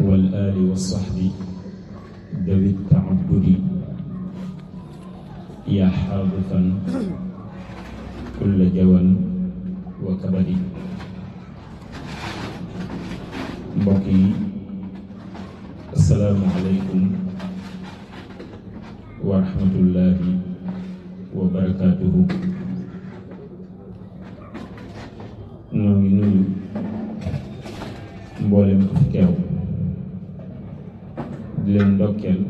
والآل والصحب ذوي التعبد يا حاضفا كل جوى وكبد بقي السلام عليكم ورحمة الله وبركاته Yang ndokkeel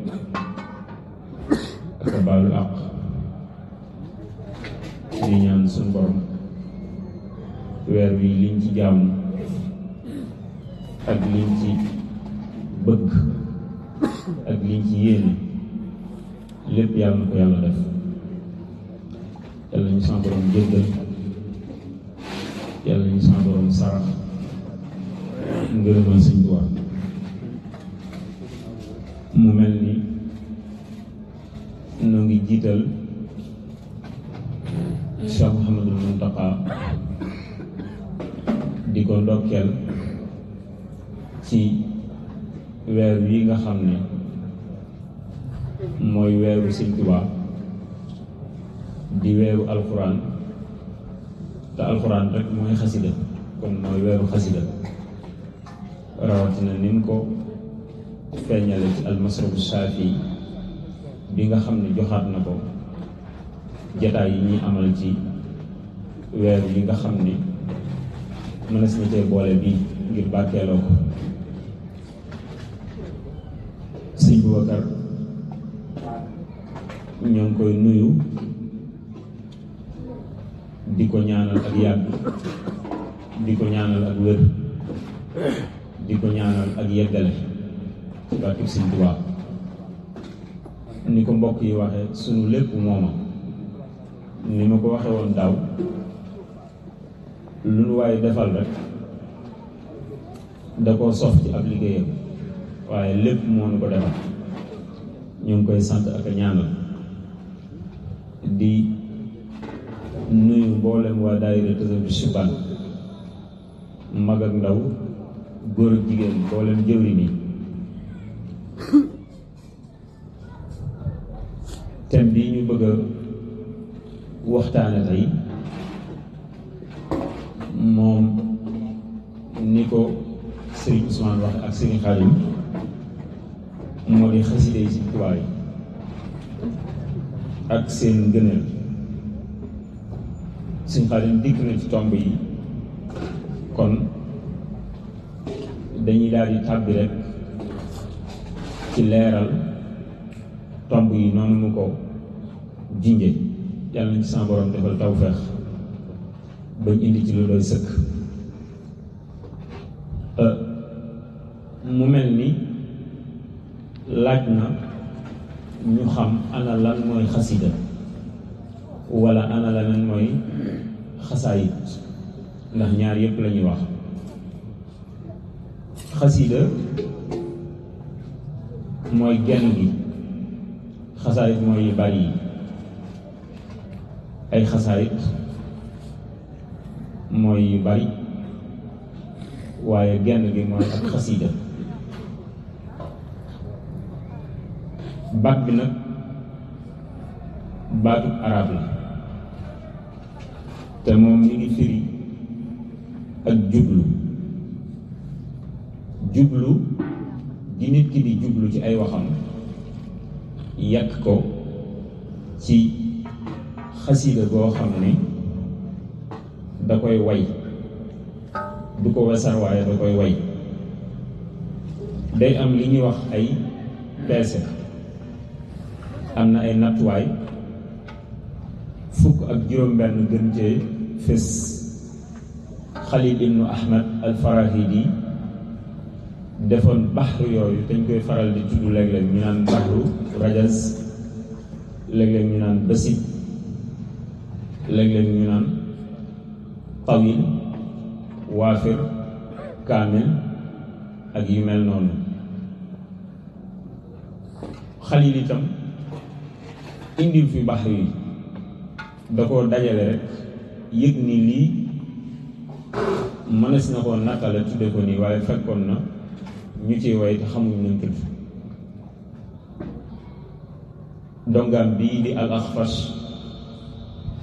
ak baalu di ñaan suñ borom weer jam, ak liñ bëgg ak liñ ci yéene lépp yàlla na def yàlla ñu borom mu melni ni ngi jital Cheikh Mouhamadul Muntaka di ko ndokkeel ci weer wi nga xam moy mooy weeru Touba di weeru alxuraan ta alxuraan rek moy khassida kon moy weeru khassida rawatina nim ko feeñale ci masrub safi bi nga xam joxat na ko jataay yi ñi amal ci weer yi nga xam ne bolé bi ngir bakélo ko bu wakar ñu ngi koy nuyu di ñaanal ak di ñaanal ak wër di ñaanal ak yeggalé ci barkeb ni ko mbokk yi waxe suñu lépp mooma ni ma ko waxe woon daaw lu nu waaye defal rek da koo sof ci ab liggéeyam waaye lépp moo nu ko defal ñu ngi koy sant ak ñaanal di nuyu mboolem waa daayira Tazawudu Chibane mag ak ndaw góor ak jigéen mboolem jëwri nii تم لي بغا وقتانا لي موم نيكو سيري عثمان واخ اك سيري خالد مودي خسيدي سي كواي اك سين غنل سين خالد ديك نيت تومبي كون دانيي دادي تابي رك ci leral tomb yi noonu mu ko jinje yàlla nañ ci sama defal tawfeex bañ indi ci lu doy sëkk euh, mu mel ni laaj na ñu xam ana lan mooy xasida wala ana lan mooy xasaayit ndax ñaar yépp lañuy ñuy wax xasida mooy genn gi خسائط موي باري اي خسائط موي باري واي جن جي موي خسيده باك بينا باك عربي تمام ميغي فري اك جوبلو جوبلو دي نيت كي دي جوبلو سي اي واخام yàq ko ci xasida goo xam ne da koy way du ko wesar waaye da koy way day am li ñuy wax ay peese am na ay nattuwaay fukk ak juróom-benn gën cee fés Xalil ibnu Ahmad al Farahidi defoon baxru yooyu dañ koy faral di tudd léeg-léeg ñu naan baxru rajas léeg-léeg ñu naan basit léeg-léeg ñu naan tawil waafir kaamil ak yu mel noonu xalil itam indil fi baxru yi da koo dajale rek yëg ni lii mënees na koo nattale tudde ko nii waaye fekkoon na ñu ci way te xamuñu nañ tudd dongam bii di al akhfas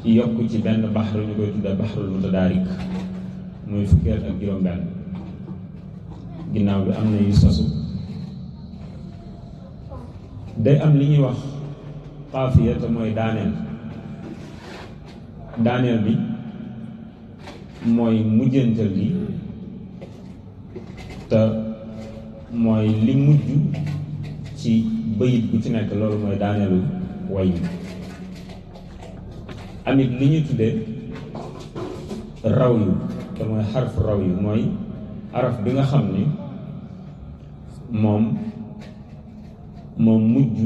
yokku ci benn baxru ñu koy tudda baxrul mutadaarik muy fukkeel ak juróom benn ginnaaw bi am na yu sasu day am li ñuy wax xaafiya te mooy daaneel daaneel bi mooy mujjantal gi te mooy li mujj ci bayit bu ci nekk loolu mooy way amit li ñu tuddee raw yu te mooy xarf raw yu araf bi nga xam mom moom moom mujj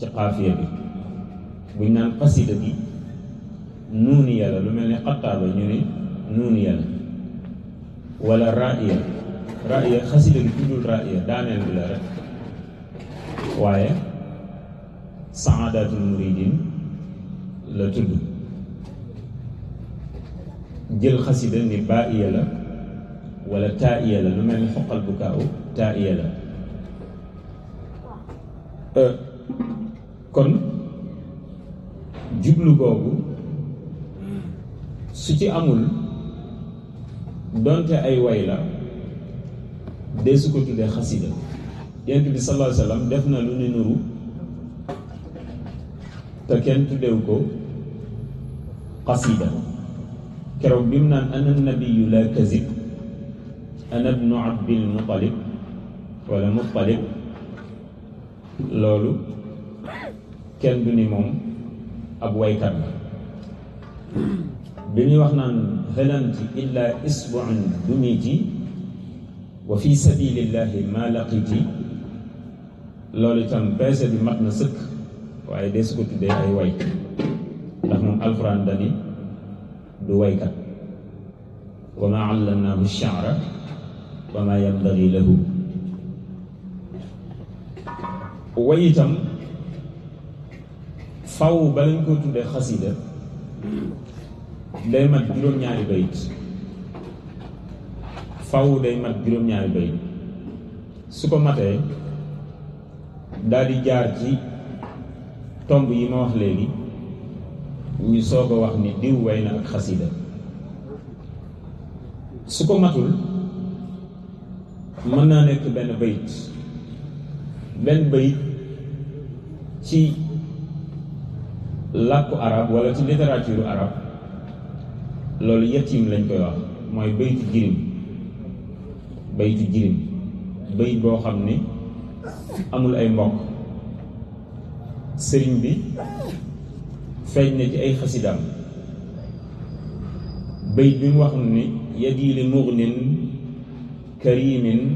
ci xaafiya bi buñ naan xasida bi nuuni yàlla lu mel ñu ne nuuni yàlla wala raiya raaya xasida gi tuddul raaya daaneel bi la rek waaye saadatul muridin la tudd jël xasida ni baa la wala taa iya la lu mel ni xoqal bu kaaw taa iya la euh, kon jublu googu su ci amul donte ay way la des su ko tuddee xasida yonent bi sallallahu alayhi wa sallam def na lu ni nuru te kenn tuddeewu ko xasida keroog bi mu naan ana nabiyu la kazib ana ibnu abdil mutalib wala mutalib loolu kenn du ni moom ab waykat la bi ñuy wax naan xelanti illa isbuun dumiti وفي سبيل الله ما لقيت لولي تام بيس دي ماتنا سك واي ديس كوت دي اي واي دا مون القران داني دو واي كات وما علمناه الشعر وما ينبغي له واي تام فاو بالين كوت دي خسيده لما جيرون نياري بيت faw day mat juróom-ñaari bayit su ko matee daal jaar ci tomb yi ma wax léegi ñu soog a wax ni diw way na ak xasida su ko matul mën naa nekk benn bayit benn bayit ci làkku arab wala ci littérature arab loolu yatiim lañ koy wax mooy bayit girim بيت جرين بيت بو خامني امول اي موك سيرين بي فاجنا تي اي خسيدام بيت بي وخامني يدي لمغنن كريم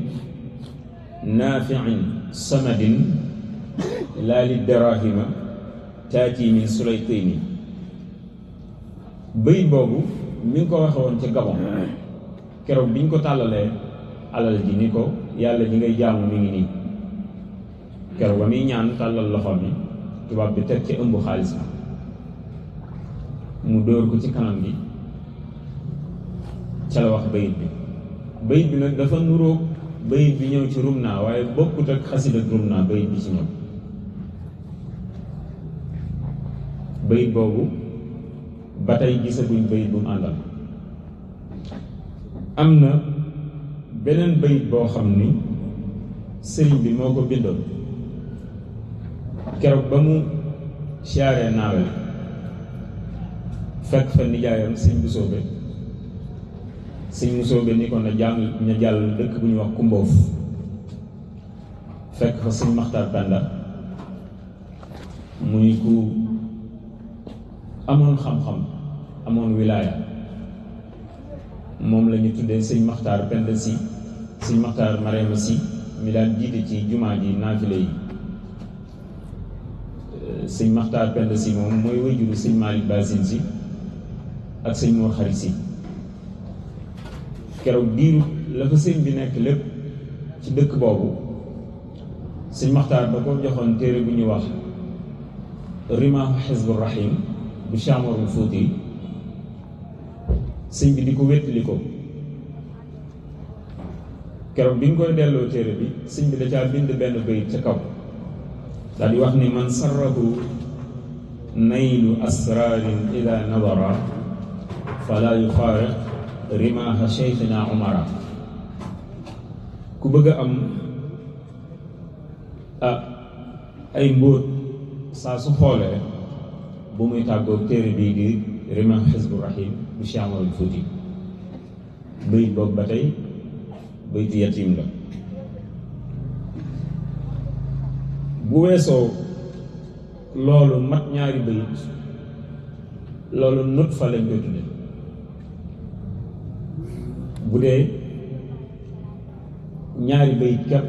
نافع صمد لا للدراهم تاتي من سليطين بيت بوبو مين كو تي غابون كيرو بين تالالي alal ji ni ko yàlla ñi ngay jaamu mi ngi nii keroog ba muy ñaan tàllal loxoom yi tubaab bi teg ci ëmb xaalis ba mu dóor ko ci kanam gi ca la wax bayit bi bayit bi nag dafa nurook bayit bi ñëw ci rum naa waaye bokkut ak xasida ak rum naa bayit bi ci ñëw bayit boobu ba tey gisaguñ bayit bu àndal am na beneen bayit boo xam ni sëriñ bi moo ko bindoon keroog ba mu siyaaree naawel fekk fa nijaayam sëñ bu soobe sëñ bu soobe ni ko na jàng na jàll dëkk bu ñu wax kumboof fekk fa sëñ maxtaar banda muy ku amoon xam-xam amoon wilaaya moom la ñu tuddee sëñ maxtaar benda si سي مختار مريم سي ميلاد جي دي سي جمعه جي نافله سي مختار بن سي موم موي ويجو سي مالك باسين سي اك سي نور خريس سي كرو دين لا فا سي بي نيك لب سي دك بوبو سي مختار داكو جوخون تيري بو ني واخ ريما حزب الرحيم بشامور مفوتي سي بي ديكو ويتليكو keroog bi ñu koy delloo téere bi sëñ bi da caa bind benn bayit ca kaw daal wax ni man sarrahu naylu asrarin ila nadara fala yuxaariq rimaha cheikhina umara ku bëgg a am ah ay mbóot saa su xoolee bu muy tàggoo téere bii di rimah xisbu bu Cheikh Amadou Fouti bayit ba tey baytu yatiim la bu weesoo loolu mat ñaari bayit loolu nut fa lañ koy tudde bu dee ñaari bayit képp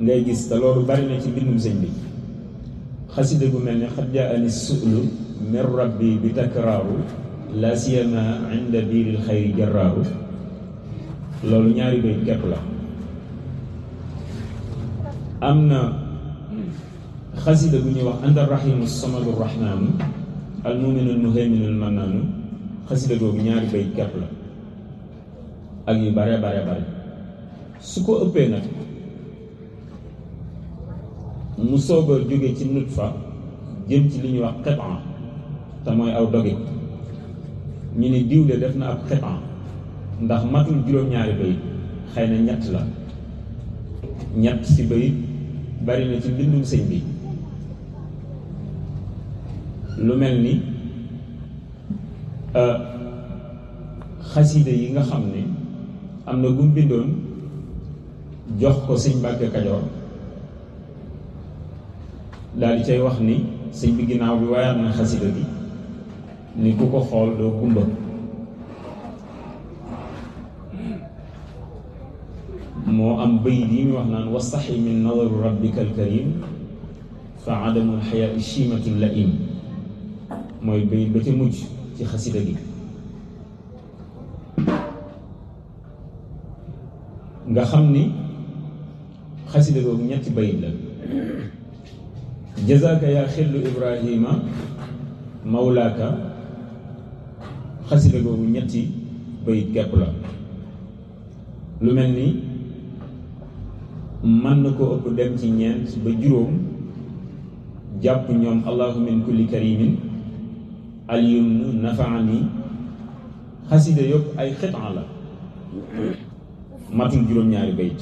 ngay gis te loolu bari na ci bindum sëñ bi xasida bu mel ni xad jaani su'lu min rabbi bi takraaru la siyama inda biiril xayri jarraaru loolu ñaari bay képp la am na xasida bu ñuy wax anta rahimu samadu rahman al muminu al muhaymin al mannaanu xasida googu ñaari bay képp la ak yu bare bare bare su ko ëppee nag mu soog a jóge ci nutfa jëm ci li ñuy wax xetan te mooy aw doge ñu ne diwle def na ab xetan ndax matul juróom-ñaari bayit xëy na ñett la ñett si bayit bari na ci bindum sëñ bi lu mel ni euh, xasida yi nga xam ni am na gum bindoon jox ko sëñ Mbàkke Kajoor daal di cay wax ni sëñ bi ginnaaw bi waayaat na xasida bi ni ku ko xool doo kumba bëy lii ñu wax naan wastaxi min nadaru rabbika alkarim fa adamul xayaa chimatu laim mooy bëy ba ca mujj ci xasida gi nga xam ni xasida googu ñetti bayit la jazaaka yaa xillu ibrahima mawlaaka xasida googu ñetti bayit gépp la lu mel ni mën na ko ëpp dem ci ñeent ba juróom jàpp ñoom allahu min kulli karimin aliyum nafaani xasida yëpp ay xitaan la matul juróom-ñaari bayt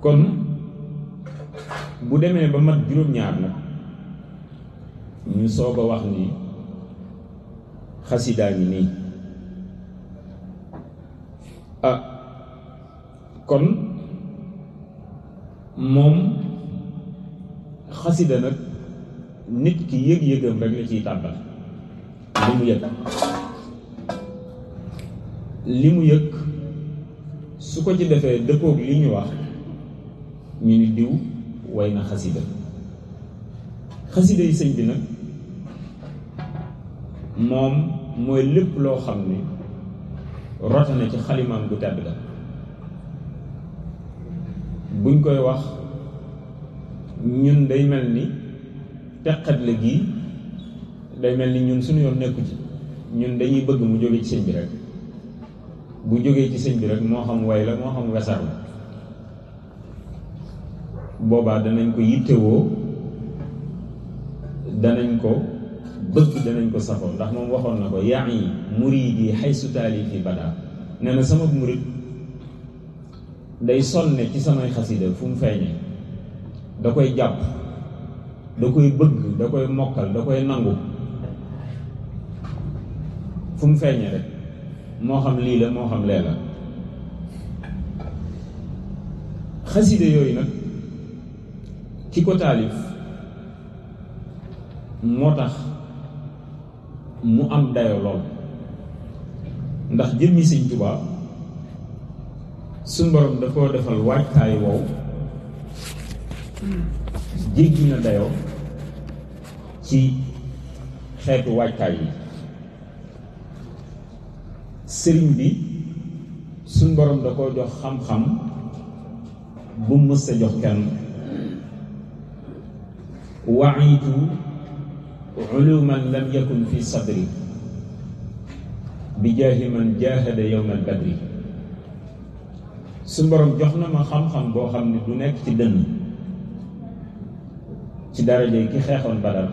kon bu demee ba mat juróom-ñaar nag ñu soog a wax ni xasidaa ngi nii ah kon moom xasida nag nit ki yëg-yëgam rek la ciy tàbbal li mu yëg li mu yëg su ko ci defee dëppoog li ñu wax ñu ni diw way na xasida xasida yi sëñ bi nag moom mooy lépp loo xam ne rote na ci xalimaam bu tedd la buñ koy wax ñun day mel ni teqat la gii day mel ni ñun suñu yoon nekku ci ñun dañuy bëgg mu jógee ci sëñ bi rek bu jógee ci bi rek moo xam way la moo xam wesar boobaa danañ ko yittewoo danañ ko bëgg danañ ko safoo ndax moom waxoon na ko yaa ngi murid yi xay sutaali fi badaa nee na sama murid day sonne ci samay xasida fu mu feeñe da koy jàpp da koy bëgg da koy mokkal da koy nangu fu mu feeñe rek moo xam lii la moo xam lee la xasida yooyu nag ki ko taalif moo tax mu am dayo lool ndax jëmmi Sëñ Tuubaa suñ borom da koo defal waajtaay wow jéggi na dayoo ci xeetu waajtaay yi sëriñ bi suñ borom da koo jox xam-xam bu mës a jox kenn waxiitu uluman lam yakun fi sadri bi jaahi man jaahada yowma albadri suñ borom jox na ma xam-xam boo xam ne du nekk ci dënn ci daraje ki xeexoon badar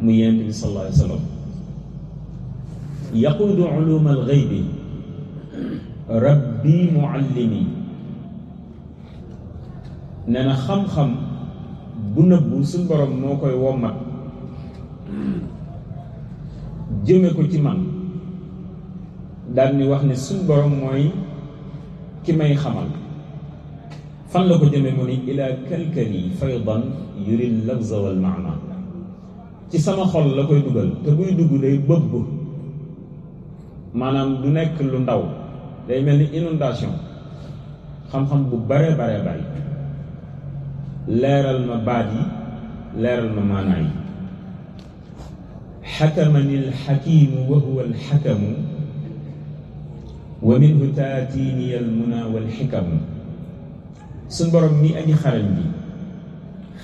mu yent bi sallallahu alayhi wa sallam yaquudu uluma alxaybi rabbi muallimi nee na xam-xam bu nëbbu suñ borom moo koy wommat jëme ko ci man daal ni wax ne suñ borom mooy كيماي خمال فان لاكو جيمي الى كلكني فيضا يري اللفظ والمعنى تي سما خول لاكوي دوغال تا بوي دوغ داي بوب مانام دو نيك لو نداو داي ملني انونداسيون خام خام بو باري باري باي ليرال ما بادي ليرال ما ماناي حكمني الحكيم وهو الحكم ومنه تاتيني المنى والحكم سن بروم مي اني خارن بي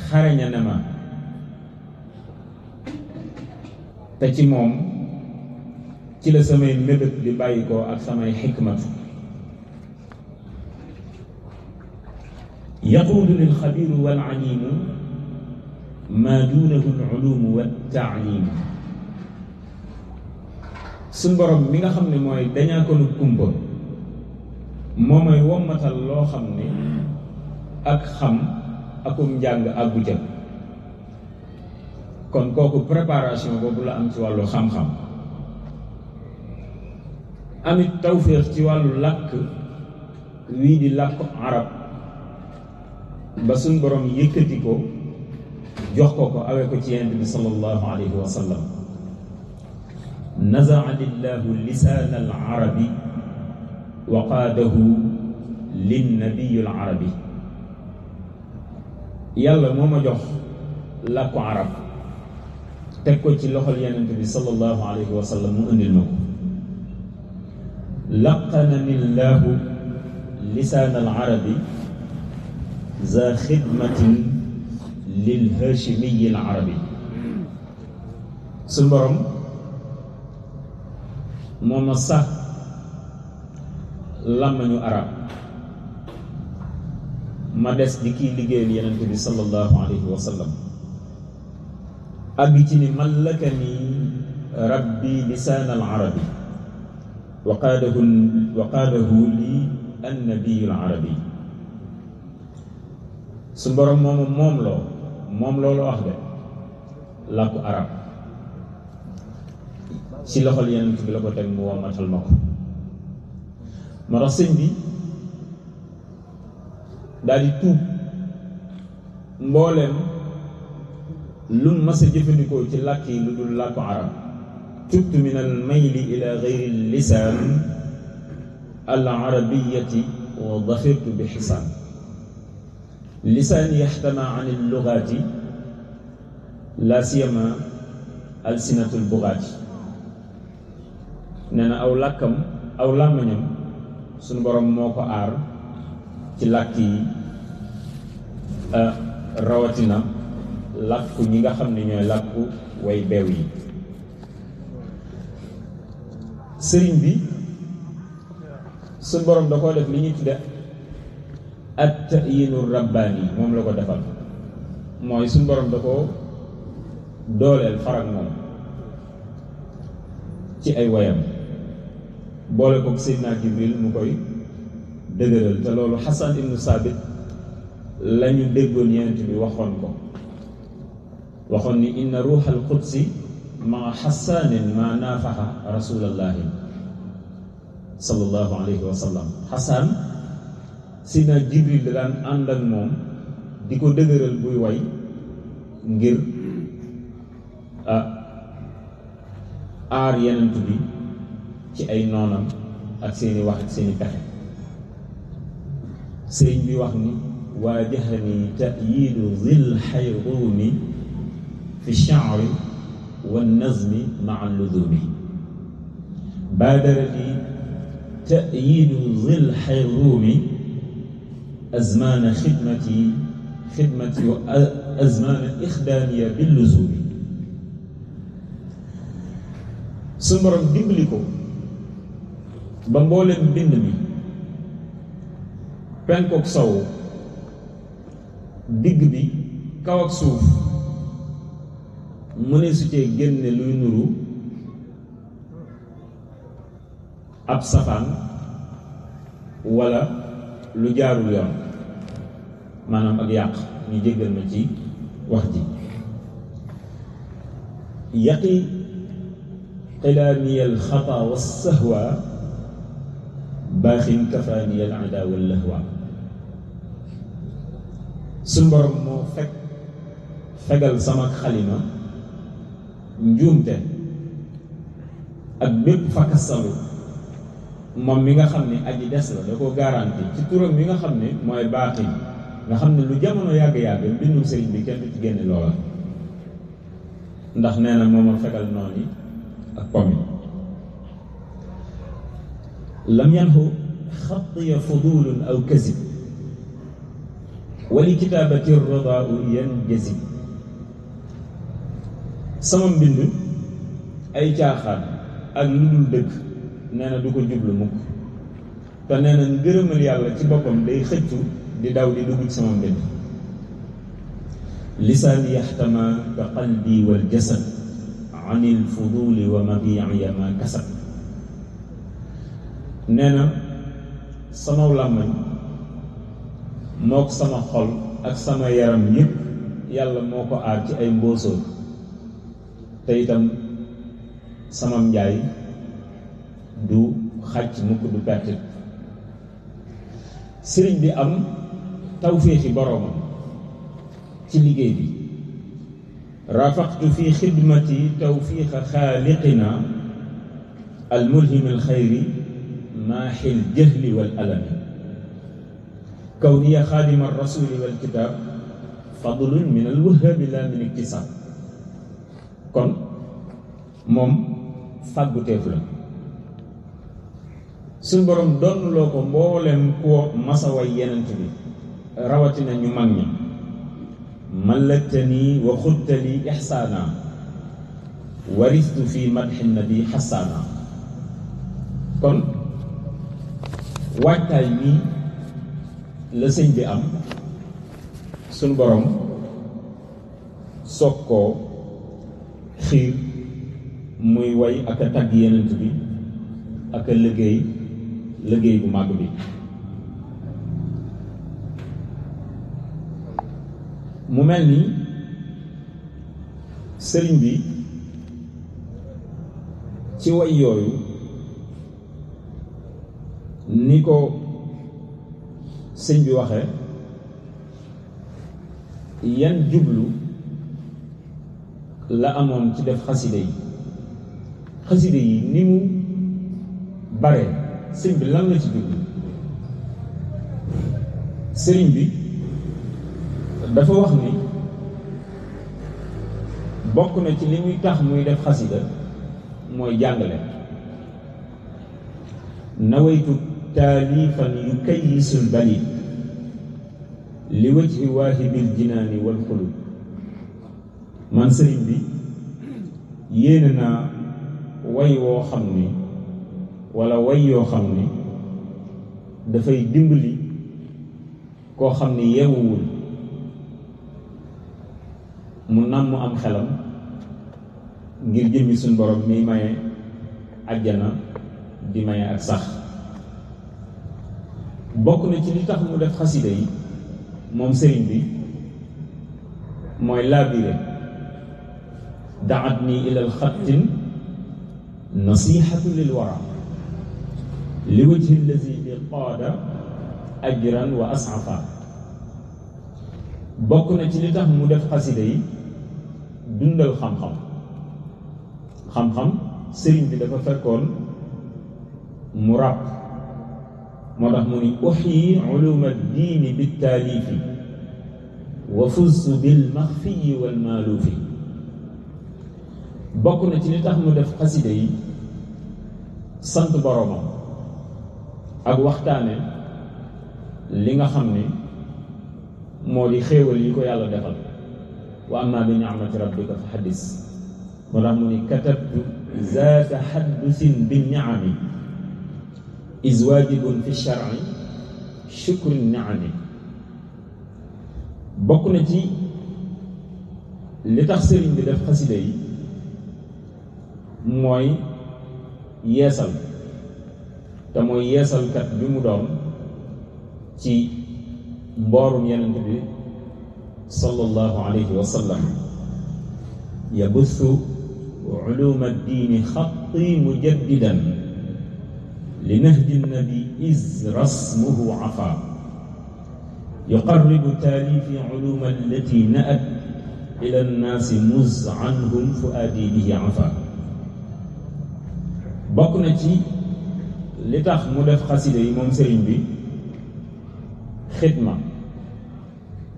خارن نما تا تي موم تي لا ساماي مبت دي بايكو اك ساماي حكمه يقول للخبير والعليم ما دونه العلوم والتعليم sun borom mi nga xamne moy daña ko lu kumba momay may lo xamne ak xam akum njàng àggu jëm kon koku preparation bobu la am ci walu xam-xam amit tawfiq ci walu lak wi di lak arab ba sun borom yekati ko jox ko ko awé ko ci yent bi sallallahu alayhi wa sallam نزع لله اللسان العربي وقاده للنبي العربي يلا موما جوخ لك عرب تكو تي لوخال النبي صلى الله عليه وسلم اندل نكو لقن من الله لسان العربي ذا خدمة للهاشمي العربي سمبرم moo ma sax làmmañu arab ma des di kiy liggéeyal yenent bi sallallahu alayhi wa sallam àgg ci ni mallakani rabbi lisaan al arabi wa qaadahu wa qaadahu li al arabi su mboroom moomu moom loo moom loolu wax de làkku arab ci loxol yonent bi la ko teg mu wommatal mako ko ma tax sëñ bi daal di tuub mbooleem lu ma sa jëfandikoo ci làkk yi lu dul làkku arab tubtu min al mayli ila gayri lisan al arabiyati wa dafirtu bi xisaan lisan yaxtama an al lugaati la siyama alsinatu al bugaati nena na aw lakam aw làmmiñam suñu borom moko ar ci lakki euh rawatina lakku ñi nga xamni ñoy lakku way beew yi sëriñ bi suñu borom da ko def li ñi tudde at ta'yinur rabbani mom la ko defal moy suñu borom da ko dolel farak mom ci ay wayam boole koog Seydina Jibril mu koy dëgëral te loolu Xasan ibnu sabit la ñu déggoon yonent bi waxoon ko waxoon ni inna ruuxal qudsi maa Hasan ma naafaxa rasulallahi sallallahu alayhi wa sallam Xasaan Seydina Jibril da daan ànd ak moom di ko dëgëral buy ngir ah aar bi ci ay noonam ak seeni wax ak seeni pexe sëriñ bi wax ni waajahani tayidu zil xayrumi fi shaari wa والنظم مع اللزوم بادر لي تأييد ظل الحروم أزمان خدمتي خدمتي وأزمان إخدامي باللزوم سمرا دملكم ba mboolem mbind mi penk ak digg bi kaw ak suuf mu ne su cee génne luy nuru ab safaan walla lu jaarul yoon maanaam ak yàq ñu jéggal ma ci wax ji yaqi xilaaniyal xata wa sahwa باخ كفاني العدا واللهوى سنبر مو فك فقل سمك خليمة نجومت أبيب فكسر مم ميغا خمني أجي دسل لكو غارانتي تطور ميغا خمني موي باخي nga xam ne lu jamono yàgg yàgg bindum sëriñ bi kenn du ci génne loola ndax nee na moomal fegal noon لم ينهو خطي فضول أو كذب ولكتابة الرضاء ينجزي سمم بند أي تاخر أجلل دك نانا دوك جبل مك تنانا ندير ليالا تباكم دي خطو دي داودي دوك سمم بند لساني يحتمى كقلبي والجسد عن الفضول ومبيع ما كسب nee na sama làmmañ mook sama xol ak sama yaram yépp yàlla moo ko aar ci ay mbóosóor te itam samam njaay du xàcc mukk du perte sëriñ bi am tawféexi boroomam ci liggéey bi rafaqtu fi xidmati tawfiiqa xaaliqina almulhimi alxayri ماحي الجهل والألم كوني خادم الرسول والكتاب فضل من الوهاب لا من اكتساب كن موم فاغو تيفلا سن بروم دون لوكو مبولم كو مسا واي يننت بي رواتنا ني ماغ وخدت لي احسانا ورثت في مدح النبي حسانا كن waajtaay bii la sëñ bi am suñ borom soog koo xiir muy way ak a tagg yenent bi ak a liggéey liggéey bu màgg bi mu mel ni sëriñ bi ci way yooyu ni ko sëñ bi waxee yan jublu la amoon ci def xaside yi xaside yi ni mu bare sëñ bi lan la ci jublu sëriñ bi dafa wax ni bokk na ci li muy tax muy def xasida mooy jàngale nawaytu taalifan yukayisul balid li wajhi waahibil jinaani wal xulub man sëriñ bi yéene naa way woo xam ne wala way yoo xam ne dafay dimbali koo xam ne yewwul mu nam am xelam ngir jëmmi suñ borom miy maye ajjana di maye ak sax bokk na ci li tax mu def xasida yi moom sëriñ bi mooy laabire daat nii ilal xattin nasihatu lil wara li wajhi allazi bi qaada ajran wa asafa bokk na ci li tax mu def xasida yi dundal xam-xam xam-xam sëriñ bi dafa fekkoon mu ràpp moo tax mu ni uxyi uluma diini bittaaliifi wa fustu bil maxfiyi wal maaluufi bokk na ci li tax mu def xasida yi sant boromam ak waxtaane li nga xam ne moo di xéewal yi ko yàlla defal wa amma bi ni'mati rabbika fa xaddis moo tax mu ni katabtu zaata xaddusin bi ni'ami إذ واجب fi shar'i shukru ni'ami bokk na ci li tax sëriñ bi def xasida yi mooy yeesal te mooy yeesalkat bi mu doon ci mboorum yenent bi sallallahu alayhi wa sallam yabuthu uluma diini xatti mujaddidan لنهج النبي إذ رسمه عفا يقرب تاليف علوم التي نأت إلى الناس مز عنهم فؤادي به عفا bokk na ci li tax mu def xasida yi moom sëriñ bi xidma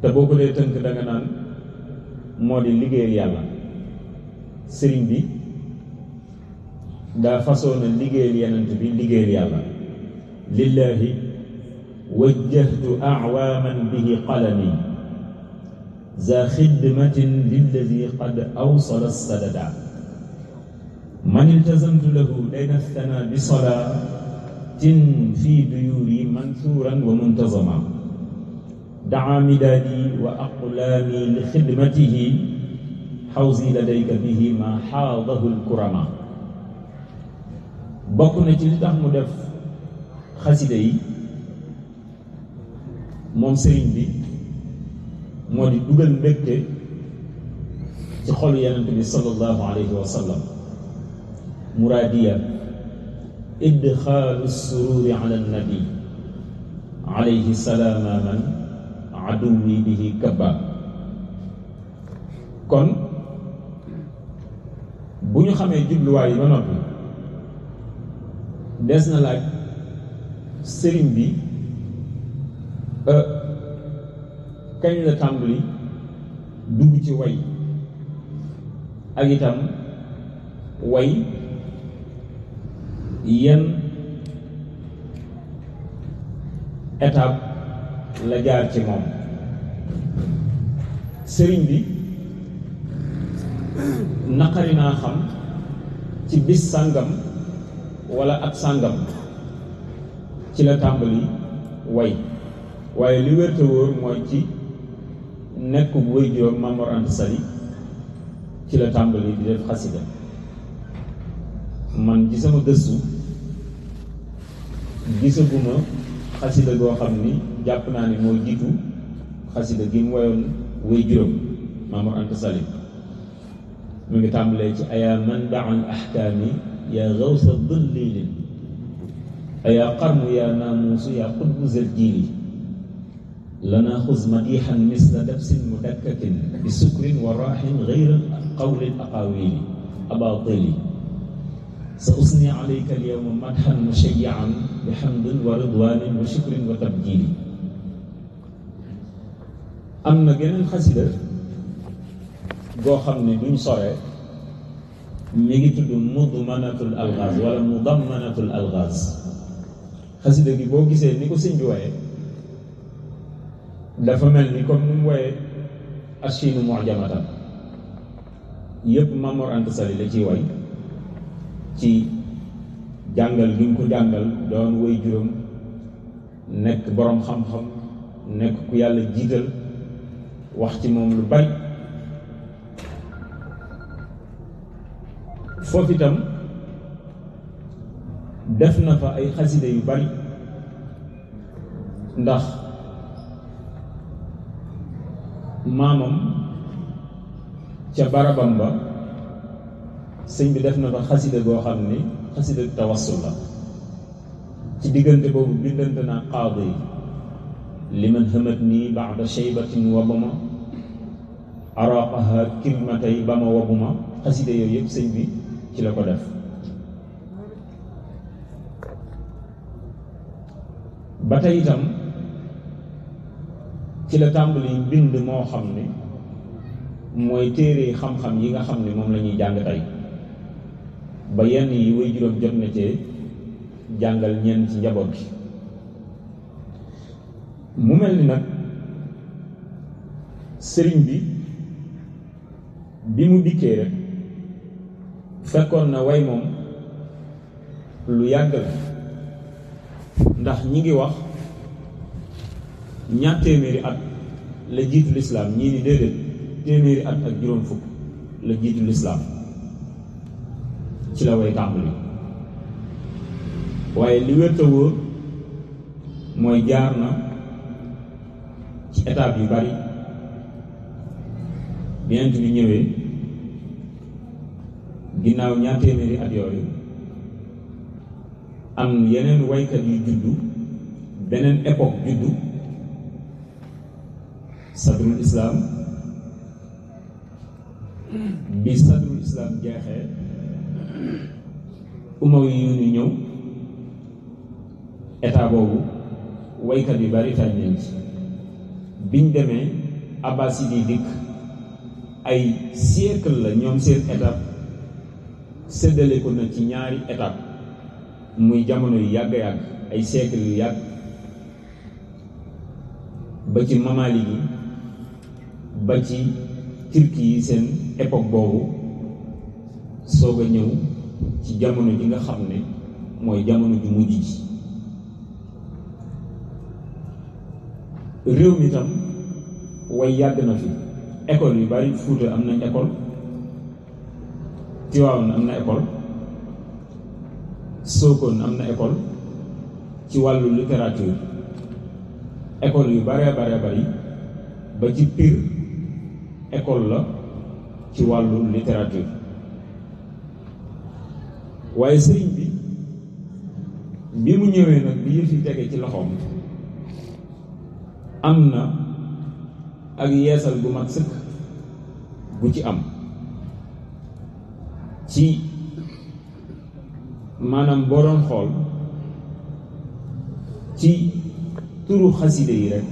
te boo ko dee tënk da nga naan moo di liggéeyal yàlla sëriñ bi ndaa façon na liggéeyal yonent bi liggéeyal yàlla lillahi wajjahtu acwaaman bihi qalami za khidmatin lilladi qad awsala sadada man iltazamtu lahu dayna thana bi salaatin fi duyuri mansuuran wa muntazama daa midaadi wa aqlaami li xidmatihi xawsi ladayka bihi ma xaadahu kurama bokk na ci li tax mu def xasida yi moom sëriñ bi moo di dugal mbégte ci xolu yonent bi sallallahu alayhi wa sallam muraadiya idxaalu sururi ala nabi alayhi salaama man aduwi bihi kabba kon bu ñu xamee jubluwaay yi ba noppi des na laaj sëriñ bi kañ la tàmbali dugg ci way ak itam way yan étape la jaar ci moom sëriñ bi naqari naa xam ci bis sàngam wala ak sàngam ci la tàmbali way waaye li wér wóor mooy ci nekk bu wéy juróom Maam Mor Anta ci la tàmbali di def xasida man ci sama gëstu gisaguma xasida goo xam ni jàpp naa ne moo jiitu xasida gi mu wayoon wéy juróom Maam Mor Anta Sali mu ngi tàmbalee ci ayaa man daan ahkaami يا غوث الظليل يا قرن يا ناموس يا قدوز الجيل لنا خذ مديحا مثل دبس مدكك بسكر وراح غير قول الأقاويل أباطيل سأثني عليك اليوم مدحا مشيعا بحمد ورضوان وشكر وتبجيل أما جنن خسدر جو خمني بن صريح ميغي تود مضمنه الالغاز ولا مضمنه الالغاز خاسي دغي بو غيسه نيكو سينجو واي دا فا ملني كوم نيم واي اشين معجمه ييب مامور انت سالي لا تي واي تي جانغال نيم كو جانغال دون واي جوروم نيك بروم خام خام نيك كو يالا جيتال واختي موم لو بال foofu itam def na fa ay xasida yu bari ndax maamam ca barabam ba sëñ bi def na fa xasida goo xam ni xasida tawassul la ci diggante boobu bindante naa xaado yi liman xamat nii baada shaybatin wabama araqaha kilmatay bama wabuma xasida yooyu yëpp sëñ bi ci la ko def ba tey itam ci la tàmbali mbind moo xam ne mooy téere xam-xam yi nga xam ne moom lañuy ñuy jàng tey ba yenn yi way juróom jot na cee jàngal ñenn ci njaboot gi mu mel ni nag sëriñ bi bi mu dikkee rek fekkoon na way moom lu yàgg ndax ñi ngi wax ñaar téeméeri at la jiitu lislaam ñii ni déedéet téeméeri at ak juróom fukk la jiitu lislaam ci la way tàmbali waaye li wér te wóor mooy jaar na ci étape yu bari bi yonent bi ñëwee ginnaaw ñaar téeméeri at yooyu am yeneen waykat yu juddu beneen époque juddu sadrul islaam bi sadrul islaam jeexee umaw yi ñu ñëw état boobu waykat yu bari tàj nañ ci biñ demee abbasid yi dikk ay siècle la ñoom seen étape séddale na ci ñaari étape muy jamono yu yàgg-yàgg ay siècle yu yàgg ba ci mamali gi ba ci turki yi seen époque boobu soo a ñëw ci jamono ji nga xam ne mooy jamono ju mujj ji réew mi tam way yàgg na fi école yu bari Fuuta am na école Tivaouane am na école Sokone am na école ci wàllu littérature école yu baree baree bari ba ci Pire école la ci wàllu littérature waaye sëriñ bi bi mu ñëwee nag bi yëf yi tege ci loxoom am na ak yeesal gu mat sëkk gu ci am ci maanaam boo doon xool ci turu xaside yi rek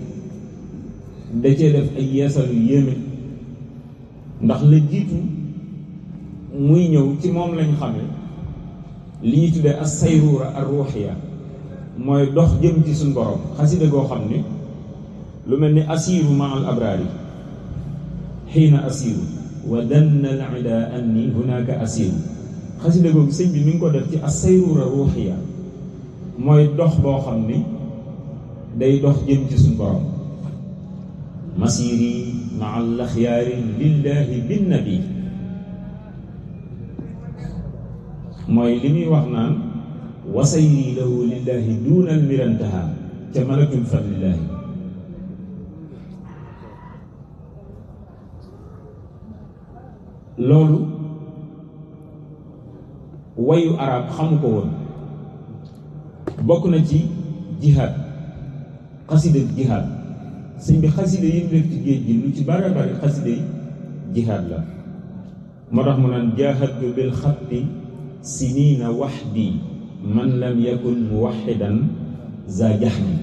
da cee def ay yeesal yu yéeme ndax la jiitu muy ñëw ci moom lañ xame li ñu tuddee as sayruura ar ruuxiya mooy dox jëm ci suñ borom xaside goo xam ni lu mel ni asiiru ma al abraari xiina asiiru ودلل على اني هناك اسير خاسي دغوك سيغ بي نينكو أسير تي اسيرور روحيا موي دوخ بو خامني داي دوخ جيم تي سون بوروم مسيري مع الاخيار لله بالنبي موي ليمي واخ نان وسيري له لله دون المرنتها كما لكم فضل الله loolu wayu arab xamu ko woon bokk na ci jihaad xasida jihaad sëñ bi xasida yi def ci géej gi lu ci bari bari xasida yi jihaad la moo tax mu naan jaahadtu bil xatti sinina waxdi man lam yakun muwaxidan za jaxmi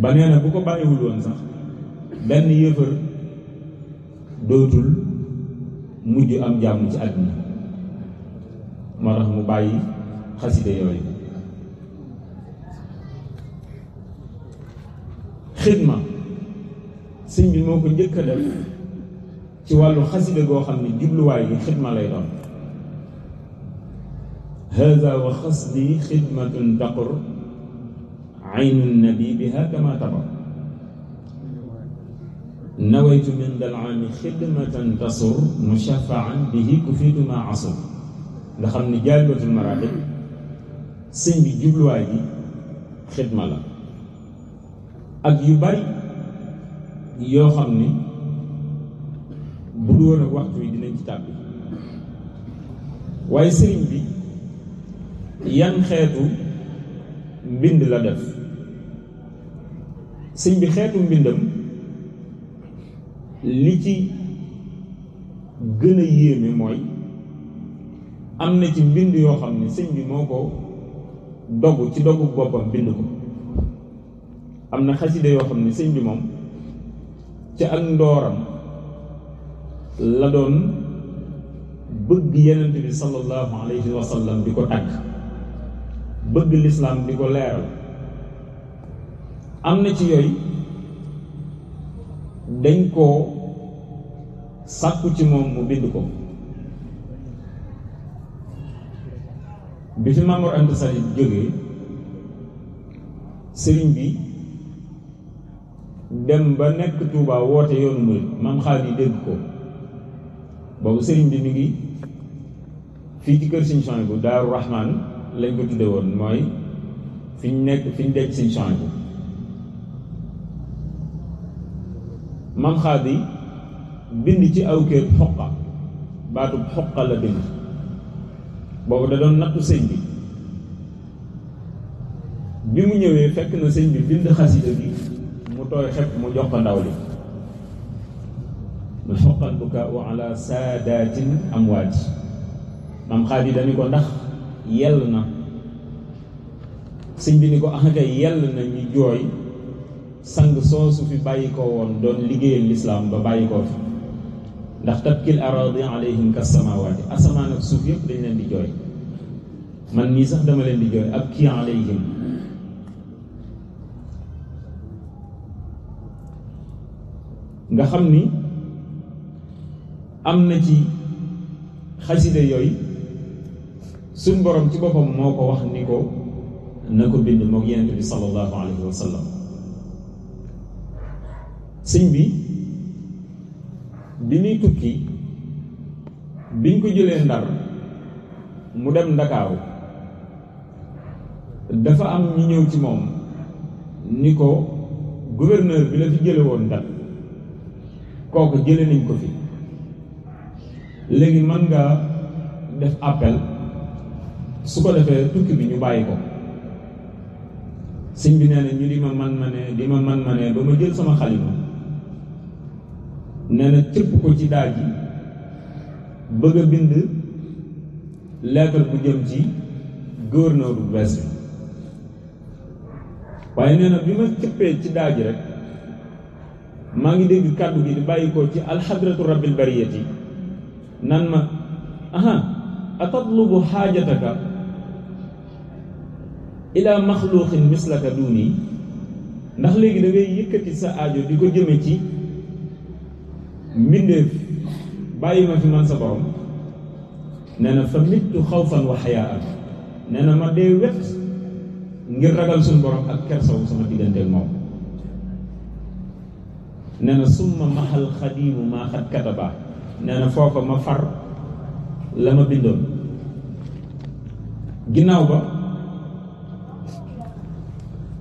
ba nee na bu ko bàyyiwul woon sax benn yëfër dootul mujj am jàmm ci àdduna moo tax mu bàyyi xasida yooyu xidma sëñ bi moo ko njëkk a def ci wàllu xasida goo xam ne jubluwaay yi xidma lay doon hada wa xasdi xidmatun taqur aynu nabi biha kama tabar نويت من ذا العام خدمة تصر مشفعا به كفيت ما عصر دخلني جالبة المراحل سيمي جبل واجي خدمة لا أك يباري يوخمني بلور وقت ويدنين كتابي واي سيمي ينخيطو بند لدف سيمي خيطو بندم بند li ci gën a yéeme mooy am na ci mbind yoo xam ne sëñ bi moo ko dogu ci dogu boppam bind ko am na xasida yoo xam ne sëñ bi moom ci ak ndooram la doon bëgg yenent bi sallallahu alayhi wa sallam di ko tàkk bëgg lislaam di ko leeral am na ci yooyu dañ koo sàkku ci moom mu bind ko bi fi Maam Mor Anta Sali jógee sëriñ bi dem ba nekk Touba woote yoonu murid maam xaal yi dégg ko boobu sëriñ bi mi ngi fii ci kër Serigne Souhaïbou bu Daaru Rahman lañ ko tudde woon mooy fi ñu nekk fi ñu denc Serigne bu مام خادي بند تي او كير حقا باتو حقا لا بند بوكو دا دون ناتو سيغ بي بيمو نيوي فك نا سيغ بي بند خاسيده الحق البكاء على سادات اموات مام خادي داني كو يلنا سيغ بي نيكو اخا يلنا ني جوي sang soo fi bàyyi ko woon doon liggéeyal lislaam ba bàyyi koo fi ndax tabkil aradi alayhim kas samawaati asamaan ak suuf yëpp dañ leen di jooy man nii sax dama leen di jooy ab kii alayhim nga xam ni am na ci xasida yooyu suñ boroom ci boppam moo ko wax ni ko na ko bind moog yonent bi sallallahu alayhi wa señ bi bi muy tukki biñ ko jëlee ndar mu dem ndakaaw dafa am ñu ñëw ci moom ni ko gouverneur bi la fi jële woon ndar kooku jële nañ ko fi léegi mën nga def appel su ko defee tukki bi ñu bàyyi ko sëñ bi nee na ñu di ma man ma ne di ma man ma ne ba ma jël sama xalima nee na cëpp ko ci daal ji bëgg a bind lettre bu jëm ci gouverneur bu bees bi waaye nee na bi ma cëppee ci daaj ji rek maa ngi dégg kàddu gi di bàyyi ci alxadratu rabbil bariyati nan ma aha atatlubu xaajataka ila maxluqin mislaka duuni ndax léegi da ngay yëkkati sa aajo di ko jëme ci mbindeef bàyyi ma fi man sa borom nee na fa mittu xawfan wa xayaa nee na ma dee wet ngir ragal suñu borom ak kersaw sama digganteel moom nee na summa maxal xadiimu maa xat kataba foofa ma far la ma bindoon ginnaaw ba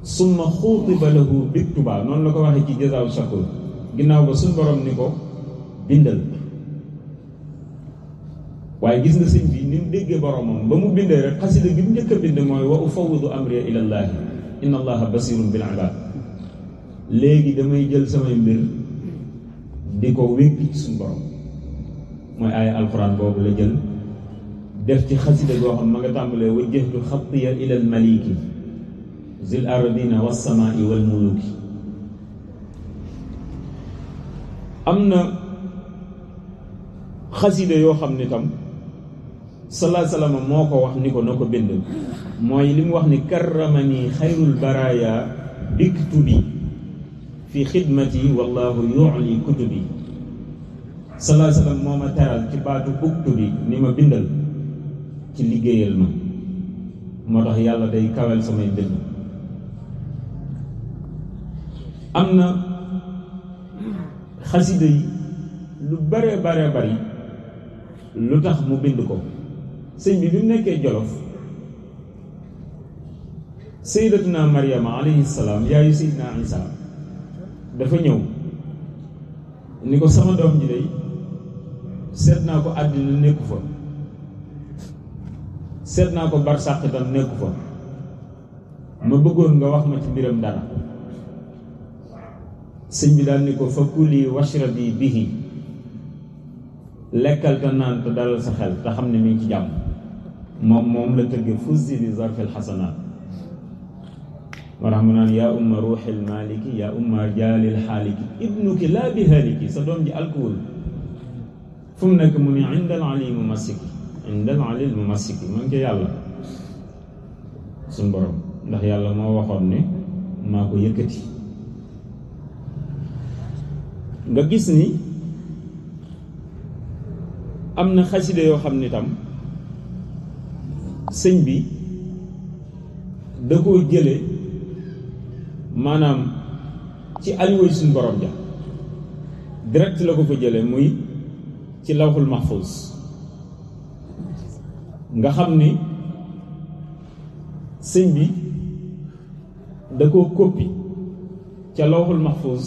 summa xuutiba lahu biktuba noonu la ko waxee ci jasaaw shakur ginnaaw ba suñu borom ni ko bindal waye gis nga sëñ bi ni mu déggee boromam ba mu bindee rek xasida bi ñëk njëkk a bind mooy wa ufawwidu amri ila allah inna allah basirun bil ibad légui damay jël sama mbir diko ko wékk ci sun borom moy ay alquran bobu la jël def ci xasida go xam ma nga tambalé wa wajjahtu khatiya ila al maliki zil ardina was wasamaai wal muluki amna xasida yoo xam ne tam salaa salama moo ko wax ni ko na ko bindal wax ni karramani xayrul baraya biktubi fi khidmati wallahu yucli kutubi salaa salam moo ma teral ci baatu uktubi ni ma bindal ci liggéeyal ma moo tax yàlla day kawel samay bind am na yi lu bare bare bari lu tax mu bind ko sëñ bi bi mu nekkee jolof sayyidatuna maryama alayhi salaam yaayu am isa dafa ñëw ni ko sama doom ji day seet naa ko àddina nekku fa seet naa ko barsàq tam nekku fa ma bëggoon nga wax ma ci mbiram dara sëñ bi daal ni ko fa kuli washrabi bihi lekkal ko naan te dalal sa xel te xam ne mi ngi ci jàmm moom moom la tëgg fuzzi bi zarfil xasanaat moo tax mu naan yaa umma ruuxil maaliki yaa umma jaalil xaaliki ibnuki laa bi haaliki sa doom ji alkuwul fu mu nekk mu ne inda ali mu masiki inda ali mu masiki mu ngi yàlla suñ borom ndax yàlla moo waxoon ne maa ko yëkkati nga gis ni am na xasida yoo xam ne tam sëñ bi da koo jële maanaam ci aliway suñ borom ja direct la ko ko jële muy ci lawxul mahfuz nga xam ni sëñ bi da koo koppi ca lawxul mahfuz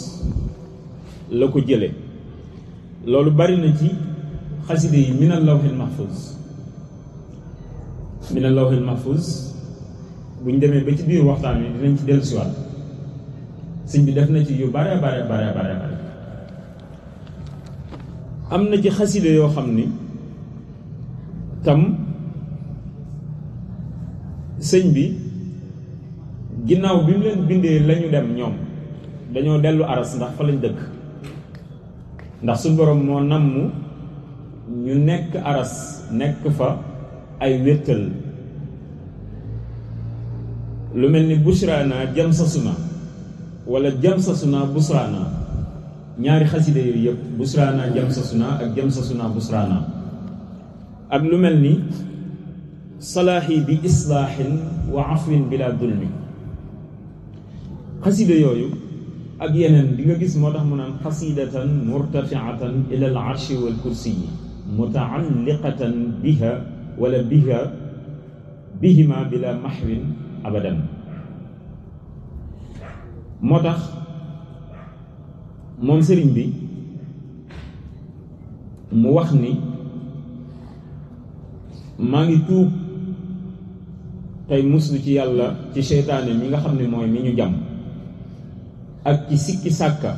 la ko jële loolu bari na ci xaside yi minal lawhil mahfuz minal lawhil mahfuz buñ demee ba ci biir waxtaan wi dinañ ci dellusiwaat sëñ bi def na ci yu bare bare bare bare bare am na ci xaside yoo xam ni tam sëñ bi ginnaaw bi mu leen bindee lañu dem ñoom dañoo dellu aras ndax fa lañ dëkk ndax suñ borom moo nammu ñu nekk aras nekk fa ay wéttal lu mel ni bushraana jam sasuna wala jam sasuna busraana ñaari xasida yooyu yëpp busraana jam sasuna ak jam sasuna busraana ak lu mel ni salaahi bi islaahin wa afwin bila dulmi xasida yooyu ak yeneen di nga gis moo tax mu naan xasidatan murtafiatan ila al arshi wal yi متعلقة بها ولا بها بهما بلا محو أبدا موتاخ موم سيرين بي مو واخني ماغي تو تاي موسلو سي يالا سي شيطان ميغا خامني موي مي ني جام اك سيكي ساكا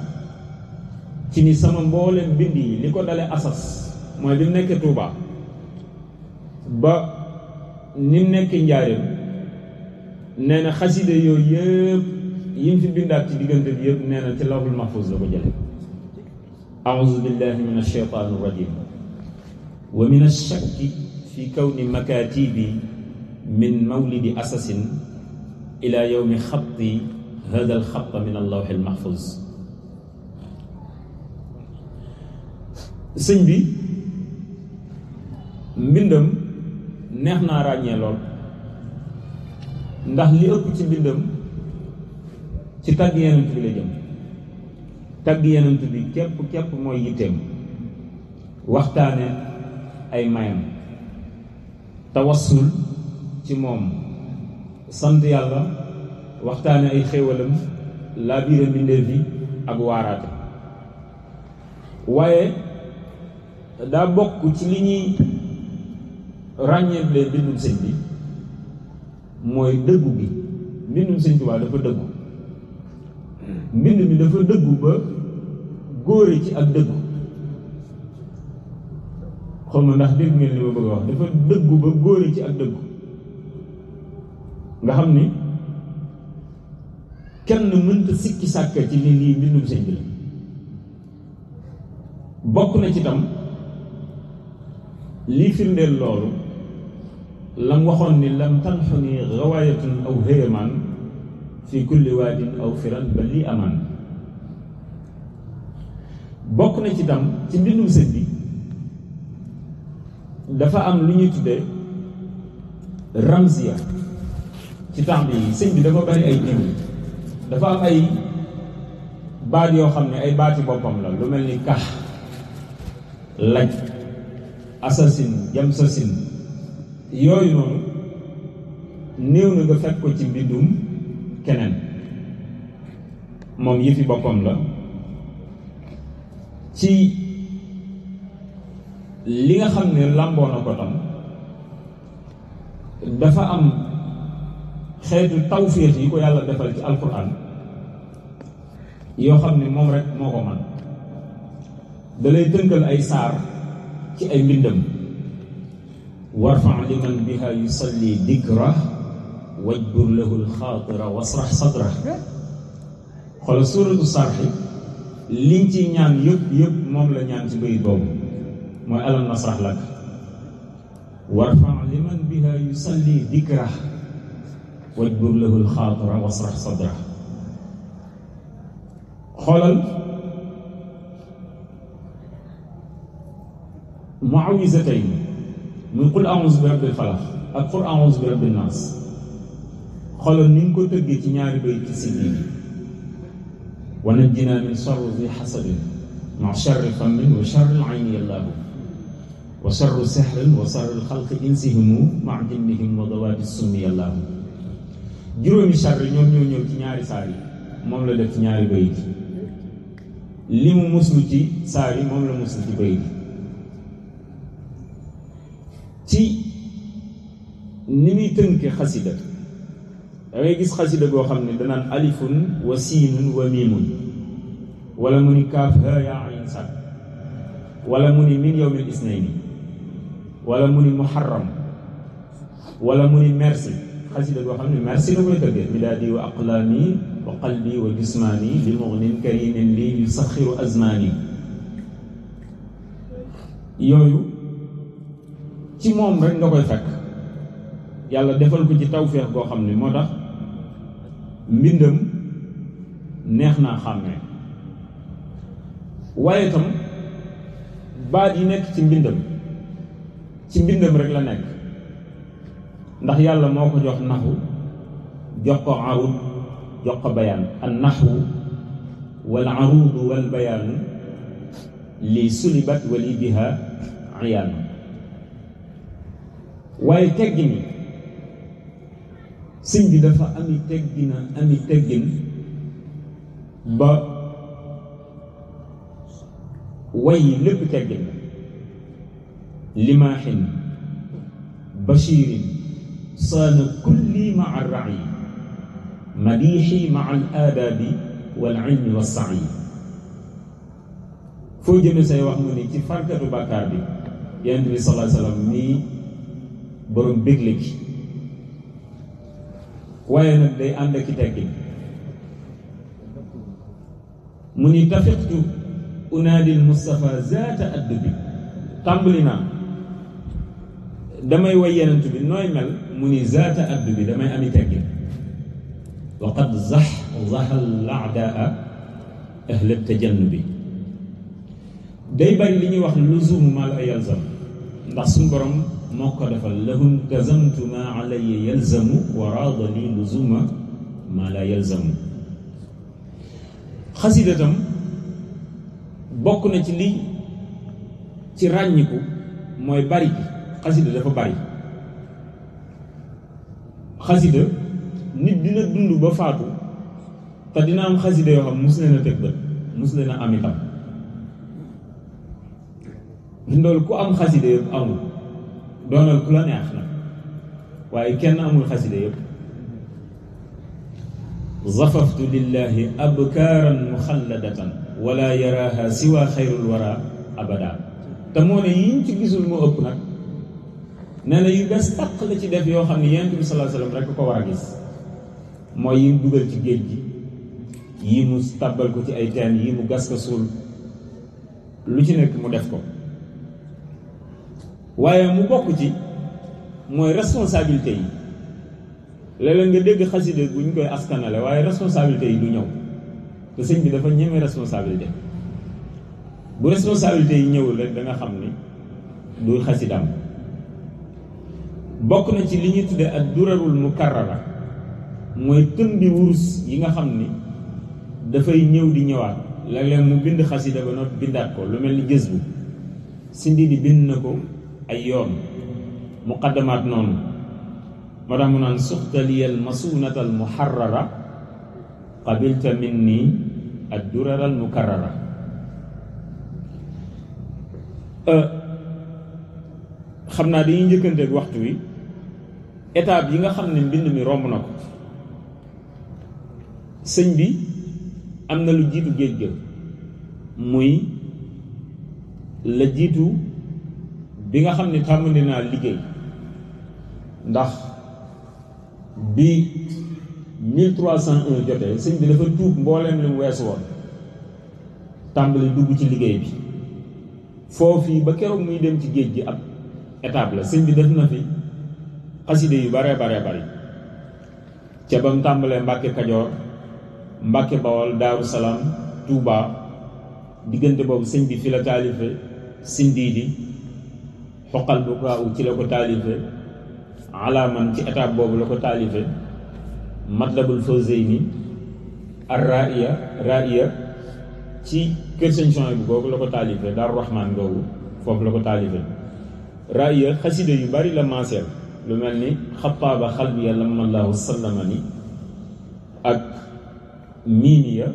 سي ني سما مبولم بيبي ليكو دالي اساس moy bimu mu Touba ba nim mu nekkee Njaareem nee na xaside yooyu yëpp yim mu fi bindaat ci digënté bi yëpp nee ci lawhul mahfuz la ko jële أعوذ بالله من الشيطان الرجيم ومن الشك في كون مكاتيبي من مولد أسس إلى يوم خطي هذا الخط من اللوح المحفوظ سنبي mbindam neex naa ràññee lool ndax li ëpp ci mbindam ci tagg yenent bi la jëm tagg yenent bi képp képp mooy yitteem waxtaane ay mayam tawasul ci moom sant yàlla waxtaane ay xéewalam laa biira yi ak waaraate waaye daa bokk ci li ñuy ràññeeb lee mbindum sëñ bi mooy dëggu bi mbindum sëñ Tuubaa dafa dëggu mbind mi dafa dëggu ba góore ci ak dëggu xaw ma ndax dégg ngeen li ma bëgg wax dafa dëggu ba góore ci ak dëggu nga xam ni kenn mënta sikki sàkka ci ni lii mbindum sëñ bi la bokk na ci tam lii firndeel loolu لن وخون ني لم تنحني غوايه او هيما في كل واد او فلان بل لي امان بوك ني تي دام تي بيندوم سيت بي دا فا ام لي ني تودي رمزيه تي تام بي سيت بي دا فا باري اي نيم دا فا ام اي بعد يو خامني اي باتي بوبام لا لو ملني كاح لاج اساسين جامساسين yooyu noonu néew na nga fekk ko ci mbindum keneen moom yëfi boppam la ci li nga xam ne làmboo na dafa am xeetu tawféex yi ko yàlla defal ci alquran yoo xam ne moom rek moo ko man da lay ay saar ci ay mbindam وارفع لمن بها يصلي ذكره واجبر له الخاطر واسرح صدره خلال سورة الصرحي لنتي نعم يب يب مملا نعم تبي بو ما ألا نصرح لك وارفع لمن بها يصلي ذكره واجبر له الخاطر واسرح صدره خلال معوزتين من قل أعوذ برب الفلاح أكفر أعوذ برب الناس خلو نين كو تگي نياري بيت سيدي ونجنا من شر ذي حسد مع شر الفم وشر العين يلاه وشر سحر وشر الخلق انسهم مع جنهم وضواب السم يلاه جرومي شر نيو نيو نيو تي نياري ساري موم لا ديف نياري بيت لي مو ساري موم لا بيت ci ni muy tënke xasida da ngay gis xasida goo xam ne danaan alifun wa sinun wa mimun wala mu ni kaaf ha ya ayn sad wala mu ni min yowmil isnayni wala mu ni muharram wala mu ni merci xasida goo xam ne merci la koy tëggee miladi wa aqlami wa qalbi wa jismani li mugnin karimin li yusaxiru azmani yooyu ci moom rek nga koy fekk yàlla defal ko ci tawféex goo xam ne moo tax mbindam neex naa xàmmee waaye tam baat yi nekk ci mbindam ci mbindam rek la nekk ndax yàlla moo ko jox naxu jox ko arud jox ko bayaan an naxu wal arudu wal bayaanu li sulibat wali biha ayaanu waaye teggin yi sëñ bi dafa ami teggina ami teggin ba way yi lépp teggin la limaaxin bashirin saana kulli ma arra'i madiixi ma al aadaabi wal ilmi wa sa'i foo jëme say wax mu ni ci farkatu bàkkaar bi yonent bi sallallahu alayhi wa sallam nii borom bégle gi waaye nag day ànd ak i teggin mu ni tafiqtu unaadil Moustapha zaata addubi tàmbali naa damay way yenent bi nooy mel mu ni zaata addubi damay ami teggin wa qad zax zaxal ahl ahla tajannubi day bari li ñuy wax luzumu maa la yalzam ndax suñu borom مقرفا لهم كزمت ما علي يلزم وراض لي لزوم ما لا يلزم خسيدتم بوكنا تي لي تي راغنيكو موي باري خسيده دافا باري خسيده نيت دينا دوندو با فاتو تا ام خسيده يو مسلنا تكبل مسلنا امي تام ndol ku am khasside amul دون الكلان يا اخنا واي كان امر خسيده ظففت لله ابكارا مخلده ولا يراها سوى خير الورى ابدا تموني ينت غيسول مو اوب نك نانا يو بس تقلا سي ديف يو خامي ينت صلى الله عليه وسلم رك كو ورا غيس مو يين دوجال سي گيل جي يي مستقبل كو سي اي تان يي مو غاسكسول لو سي نك مو ديف كو waaye mu bokk ci mooy responsabilité yi léeg-léeg nga dégg xasida bu ñu koy askanale waaye responsabilité yi du ñëw te sëñ bi dafa ñeme responsabilité bu responsabilité yi ñëwul rek da xam ni du xasidaam bokk na ci li ñuy tudde ak durarul mukarrara mooy tëmbi wurus yi nga xam ni dafay ñëw di ñëwaat léeg mu bind xasida ba noppi bindaat ko lu mel ni gés bu sindi di bind na ko ay yoon muqaddamaat noonu moo tax mu naan suxtaliyal masunata al muharrara qabilta minni ad durara al mukarrara xam naa dañuy njëkkanteeg waxtu wi étape yi nga xam ne mbind mi romb na ko sëñ bi am na lu jiitu géej muy la jiitu bi nga xam ne tàmbali naa liggéey ndax bi 1301 jotee sëñ bi dafa tuub mbooleem li mu weesu woon tàmbali dugg ci liggéey bi foofii ba keroog muy dem ci géej gi ab étape la sëñ bi def na fi xaside yu baree baree bari ca ba mu tàmbalee Mbàkke Kajoor Mbàkke Bawol Daaru Salaam Touba diggante boobu sëñ bi fi la taalife sindiidi xoqal bu kaawu ci la ko taalife man ci étape bobu la ko taalife matlabul fawzaini ar raiya raiya ci keur seigne jean bu gogu la ko taalife dar rahman gogu fofu la ko taalife raiya xasida yu bari la mansel lu mel ni xapaaba xalbiya lamallahu sallama ni ak miiniya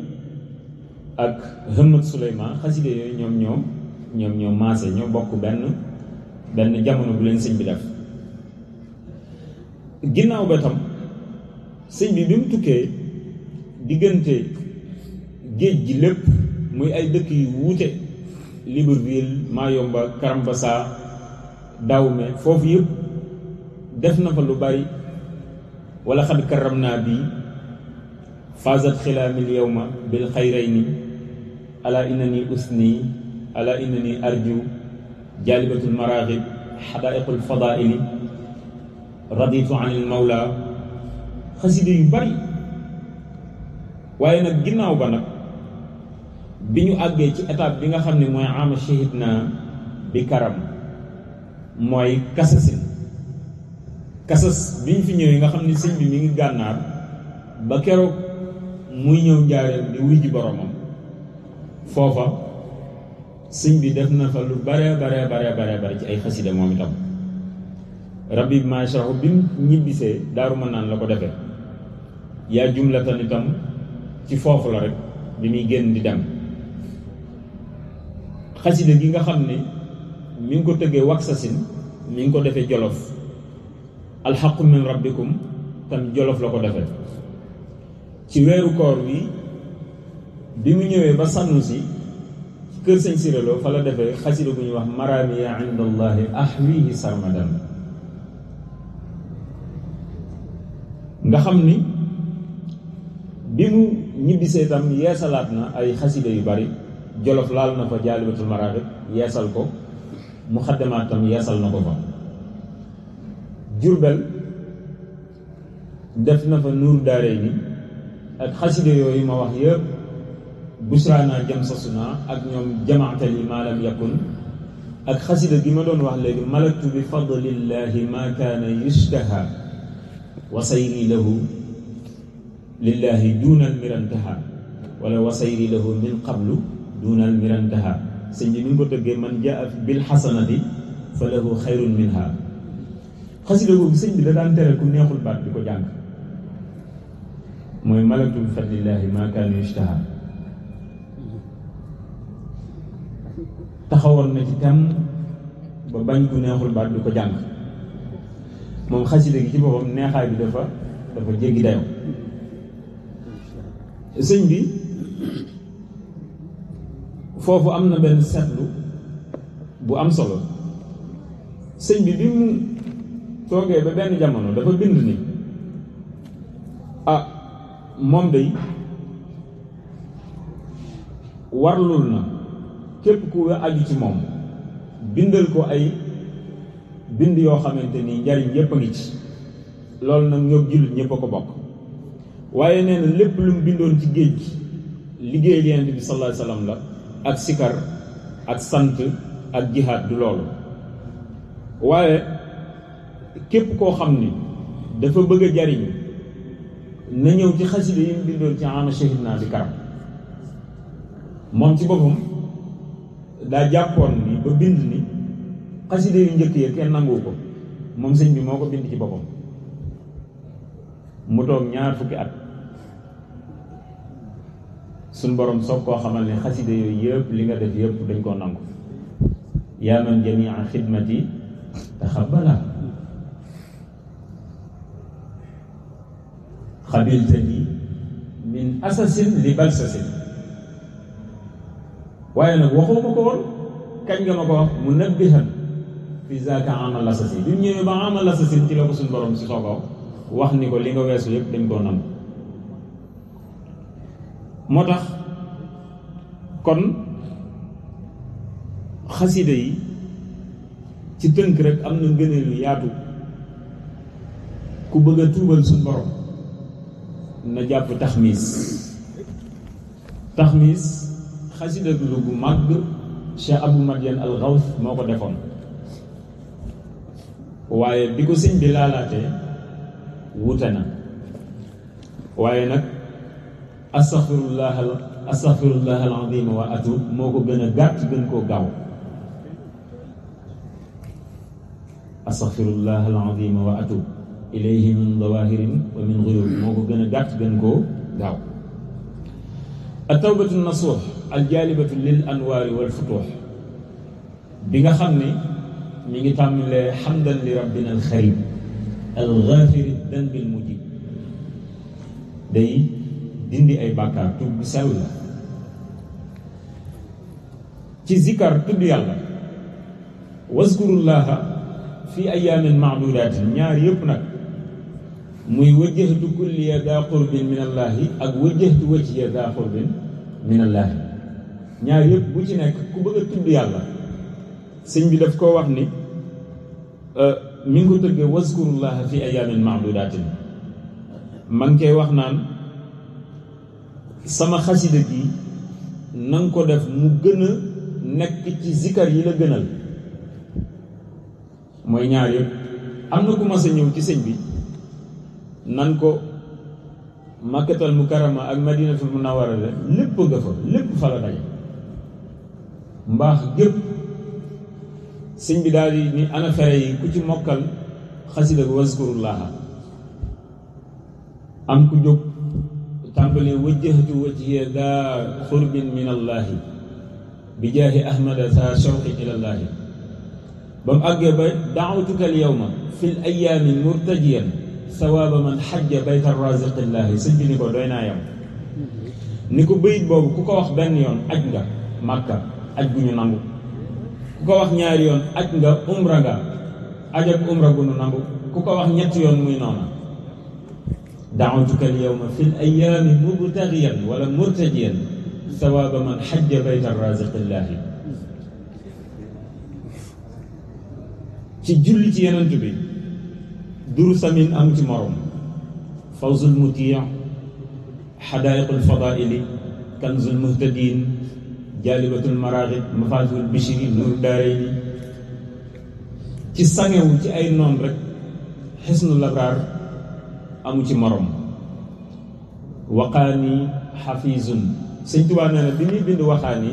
ak hamad suleyman xasida yoy ñom ñom ñom ñom mansel ñom bokku benn benn jamono bu leen sëñ bi def ginnaaw ba tam sëñ bi bi mu tukkee diggante géej gi lépp muy ay dëkk yu wuute Libreville Mayomba Karambasa Dahomey foofu yëpp def na fa lu bari wala xad karam naa bi fasat xilaamil yowma bil xayrayni ala inani usni ala inani arju جالبة المراغب حدائق الفضائل رضيت عن المولى xaside yu bari waaye nag ginnaaw ba nag bi ñu àggee ci étape bi nga xam ne mooy ama shahid na bi karam mooy kasasin kasas bi ñu fi ñëwee nga xam ne sëñ bi mi ngi gànnaar ba keroog muy ñëw njaareem di wuy ji boromam foofa sëñ bi def na fa lu bare bare bare bare bare ci ay xasida moom itam rabbi bi maa bi mu ñibbisee daaru naan la ko defee yaa jumlatan itam ci foofu la rek bi muy génn di dem xasida gi nga xam ne mi ngi ko tëggee waxasin mi ngi ko defee jolof alxaqu min rabbikum jolof la ko defee ci weeru koor wi bi mu ñëwee ba sànnu si kër sëñ siréloo fa la defee xasida bu ñuy wax maramiya indallahi ahwihi sarmadan nga xam ni bi mu ñibbisee tam yeesalaat na ay xasida yu bari jolof laal na fa jaalibatul maraaxib yeesal ko mu xaddamaat yeesal na ko fa jurbel def na fa nuur daare ni ak xasida yooyu ma wax yëpp busraana jam sasuna ak ñoom jamaatali maalam yakun ak xasida gi ma doon wax léegi malaktu bi fadlillahi ma kaana yustaha wa sayri lahu lillahi duunal mirantaha wala wa sayri lahu min qablu duunal mirantaha sëñ bi ni ko tëggee man jaa bil xasanati fa lahu xayrun minha xasida googu sëñ bi da daan tere ku neexul baat di ko jàng mooy malaktu bi fadlillahi ma kaana yustaha taxawoon na ci tam ba bañ ku neexul baat du ko jàng moom xasida gi ci boppam neexaay bi dafa dafa jéggi dayoo sëñ bi foofu am na benn seetlu bu am solo sëñ bi bi mu toogee ba benn jamono dafa bind ni ah moom day warlul na képp ku aju ci moom bindal ko ay bind yoo xamante ni njariñ yépp a ngi ci loolu nag ñoo jullit ñëpp a ko bokk waaye nee na lépp lu mu bindoon ci géej liggéey yonent bi sallallahu alayhi la ak sikar ak sant ak jihaad du loolu waaye képp koo xam ni dafa bëgg jariñ na ñëw ci xasida yi mu bindoon ci ama shahid naa bi karam moom ci boppam da jàppoon ni ba bind ni xaside yu njëkk ya kenn nangoo ko moom sëñ bi moo ko bind ci boppam mu toog ñaar fukki at sun borom sok ko xamal ni xaside yooyu yëpp li nga def yëpp dañ koo nangu ya man jamia min asasin li balsasin waaye nag waxoo ma ko woon kañ nga ma ko wax mu nabbihan fi zaaka amal lasasin bi mu ñëwee ba amal lasasin ci la ko suñ borom si sooko wax ni ko li nga weesu yëpp dañ koo nam moo tax kon xasida yi ci tënk rek am na ngëneel yu yaatu ku bëgg a tuubal suñ borom na jàpp taxmiis taxmiis خزينة لوغو ماغ شي ابو مديان الغوث موكو ديفون واي ديكو سين بي لالاتي ووتانا واي نك استغفر الله استغفر الله العظيم واتوب موكو غنا غات غن كو غاو استغفر الله العظيم واتوب اليه من ظواهر ومن غيوب موكو غنا غات غن كو غاو التوبه النصوح aljaalibatu lil anwaari wal futuux bi nga xam ni mi ngi tàmbalee xamdan li rabbina al xarib al xaafiri danbil mujib day dindi ay bàkkaar tub bu sew ci zikar tudd yàlla waskurullaha fi ayaamin maadudaatin ñaar yëpp nag muy wajjahtu kulliya daa qurbin min allahi ak wajjahtu wajhiya daa qurbin min allahi ñaar yëpp bu ci nekk ku bëgg tudd yàlla sëñ bi daf koo wax ni euh, mi ngi ko tëggee wazkurullaha fi ayaamin maadudatin man koy wax naan sama xasida gi na nga ko def mu gën nekk ci zikar yi la gënal mooy ñaar am na ku mas a ci sëñ bi nan ko mu mukarama ak madinatul munawwara lépp nga fa lépp fa la daje mbax gep sëñ bi daal ni ana fere yi ku ci mokal xasida bi waskurullaha am ku jóg tàmbali wajjahtu wajhiya da khurbin min allah bi jahi ahmad sa shawqi ila allah bam agge ba da'utuka al yawma fi l ayaami murtajiyan sawaaba man xajja bayta raziqillahi sëñ bi ni ko doy naa yam ni ko bëyit boobu ku ko wax benn yoon aj màkka ajbuñu nangu ku ko wax ñaar yoon aj nga umra nga aj ak umra gu ñu nangu ku ko wax ñett yoon muy noona دعوتك اليوم fil الأيام mubtaghiyan wala murtajiyan ثواب man hajja bayta الرازق ci julli ci yenent bi duru samin am ci morom fawzul mutia xadaaiqul fadaili kanzul muhtadin جالبه المراغب مفاز البشري نور الدارين كي سانيو تي اي نون رك حسن الابرار امو تي مروم وقاني حفيظ سيد توبا نانا بيني بيند وخاني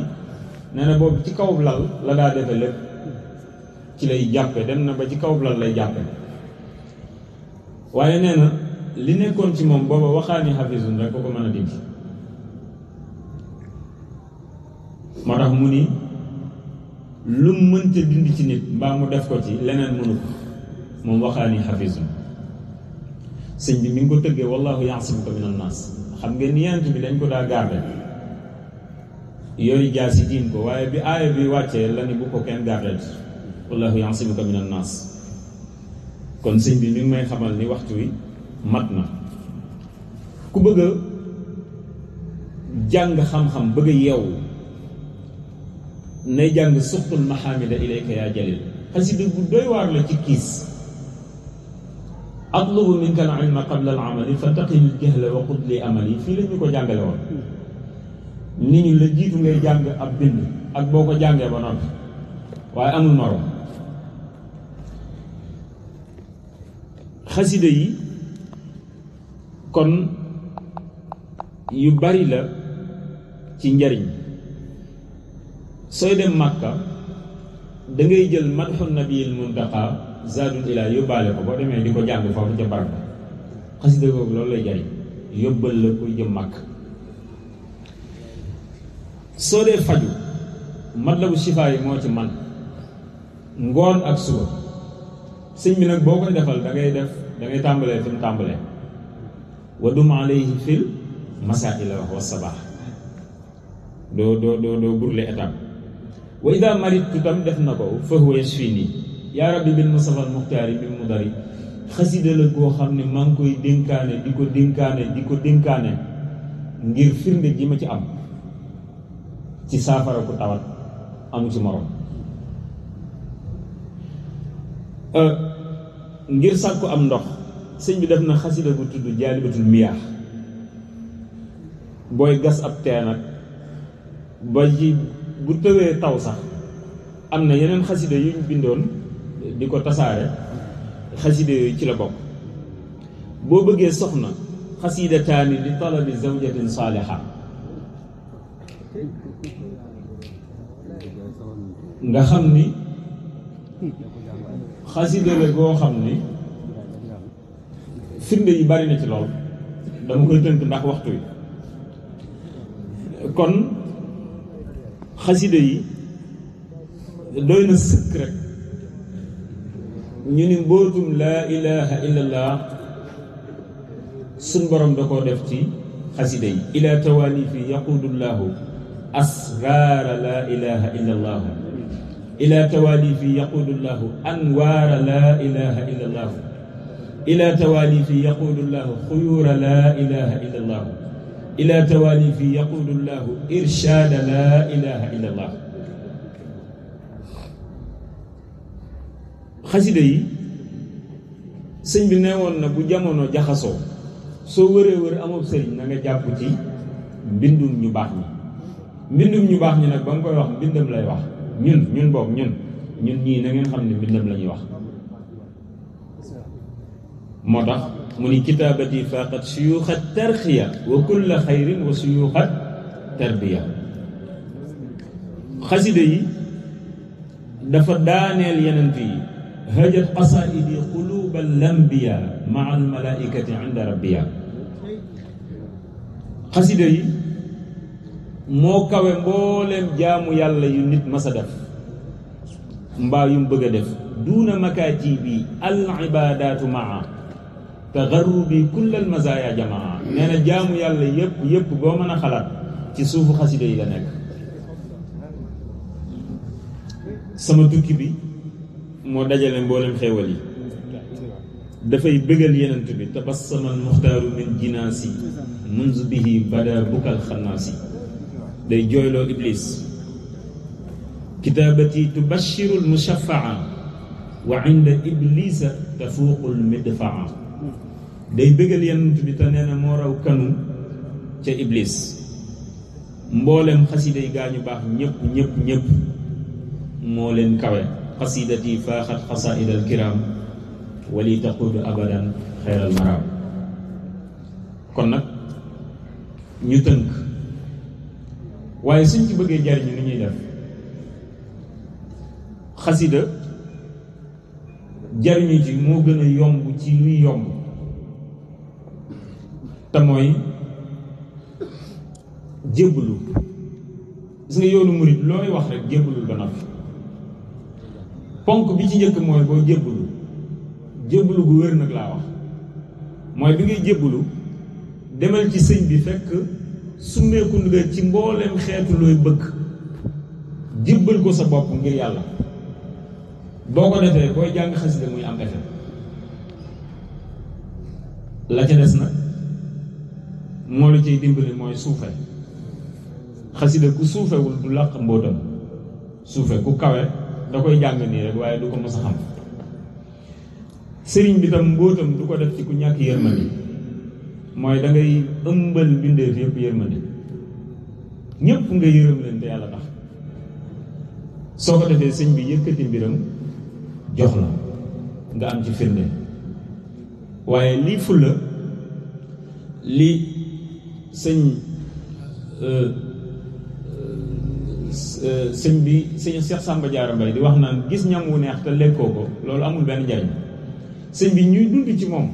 نانا بوب تي كاو بلال لا دا ديفل تي لاي جابي دم نا با تي كاو بلال لاي جابي واي نانا لي نيكون تي موم بوبا وخاني حفيظ رك كوكو مانا ديمشي marah muni mu ni lu mënta bind ci nit mba mu def ko ci leneen mënu ko mom waxani hafizum señ bi mi ngi ko tëggee wallahu yaasimuka min annaas xam ngeen ni yent bi dañ ko daa garde yooyu si ko waaye bi aaya bi wàccee la ni bu ko kenn garde wallahu yaasimuka min nas kon señ bi mi ngi may xamal ni waxtu wi mat na ku bëgg jàng xam-xam bëgg nay jàng suqul maxaamida ilayka yaa jalil xasida bu doy waar la ci kiis atlubu minka al ilma qabla al amali fantaqil jahla wa qud li amali fii la ñu ko jàngale woon ni ñu la jiitu ngay jàng ab bind ak boo ko jàngee ba noppi waaye amul morom xasida yi kon yu bari la ci njariñ sooy dem màkka dangay ngay jël madxu nabiyil muntaqa zadul ilaa yóbbaale ko boo demee di ko jàng foofu ca barab xasida googu loolu lay jariñ yóbbal la kuy jëm màkk soo dee faju matlabu shifaa yi moo ci man ngoon ak suba sëñ bi nag boo koy defal da def da ngay tàmbalee fi mu tàmbalee wa dum alayhi fil masaa ila wax wa sabaax doo doo doo doo burle étape wa ida maritu tam def na ko fa huwa yashfini yaa rabbi bil mustafa al muxtaari bil mudari xasida la koo xam ne maa ngi koy dénkaane di ko dénkaane di ko dénkaane ngir firnde ji ma ci am ci saafara ku tawat amu ci morom euh, ngir ko am ndox sëñ bi def na xasida gu tudd jaalibatul miyaax booy gas ab teen ba ji bu tëwee taw sax am na yeneen xasida yuñ bindoon di ko tasaare xasida yooyu ci la bokk boo bëggee soxna xasidataani li talabi zawjatin saaliha nga xam ni la goo xam ni yi bari na ci lool dama koy tënk ndax waxtu kon xasida yi doy na sëkk rek ñu ni mbootum laa ilaha illallah sun borom da koo def ci xasida yi ila tawalifi yaqudullahu asraara laa ilaha illallah ila tawalifi yaqudullahu anwaara laa ilaha illallah ila tawalifi yaqudullahu xuyuura laa ilaha illallah ila tawalifi yaqulu llahu irshada la ilaha illa allah xasida yi sëñ bi nee na bu jamono jaxasoo soo wëree wër amob sëriñ na nga jàpp ci mbindum ñu baax ñi mbindum ñu baax ñi nag ba nga koy wax mbindam lay wax ñun ñun boobu ñun ñun ñii na xam ne mbindam la ñuy wax moo tax من كتابتي فاقت شيوخ الترخية وكل خير وشيوخ التربية خسدي دفداني الينتي هجت قصائد قلوب الأنبياء مع الملائكة عند ربيا خسدي موكا ومبولم جامو يالا يونيت مسدف mbaa yum دون a العبادات duuna تغروا بكل المزايا جماعة نانا جامو يالا يب يب بوما نخلات تي سوف خسيدة إلى نك سما توكي بي مو داجال مبولم خيوالي دفاي بيغل يانن توبي تبسم المختار من جناسي منذ به بدا بك الخناسي داي جويلو ابليس كتابتي تبشر المشفعة وعند ابليس تفوق المدفعه day bëggal yenent bi te nee na raw kanu ca iblis mboolem xasida yi gaa ñu baax ñëpp ñëpp ñëpp moo leen kawe xasidati faaxat xasaid al kiram wali taqudu abadan al maram kon nag ñu tënk waaye suñ ci bëggee jariñu ni ñuy def xasida jariñu ci moo gën yomb ci luy yomb te mooy jébbalu gis nga yoonu murit looy wax rek jébbalul ba noppi ponk bi ci njëkk mooy boo jébbalu jébbalu gu wér nag laa wax mooy bi ngay jébbalu demal ci sëñ bi fekk summeeku nga ci mbooleem xeetu looy bëgg jébbal ko sa bopp ngir yàlla boo ko defee booy jàng xasida muy am effet la ca nag moo la ciy dimbali mooy suufe xasida ku suufewul du làq mbóotam suufe ku kawe da koy jàng nii rek waaye du ko mës sëriñ bi tam mbóotam du ko def ci ku ñàkk yërmande mooy dangay ngay ëmbal mbindeef yëpp yërmande ñëpp nga yërëm leen te yàlla tax soo ko defee sëñ bi yëkkati mbiram jox la nga am ci firnde waaye lii fulla li sëñ euh, euh, sëñ bi sëñ Cheikh Samba Diarra Mbaye di wax naan gis ñam wu neex te lekkoo ko loolu amul benn njariñ sëñ bi ñuy dund ci moom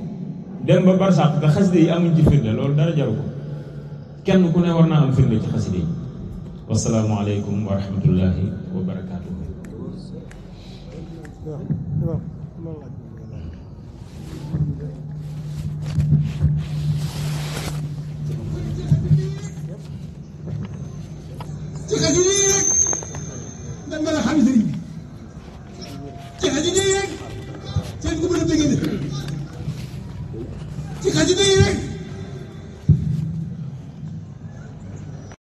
dem ba barsàq te xaside yi amuñ ci firnde loolu dara jaru ko kenn ku ne war naa am firnde ci xaside yi wasalaamualeykum wa rahmatullahi wa تقدريك لما لا حمزري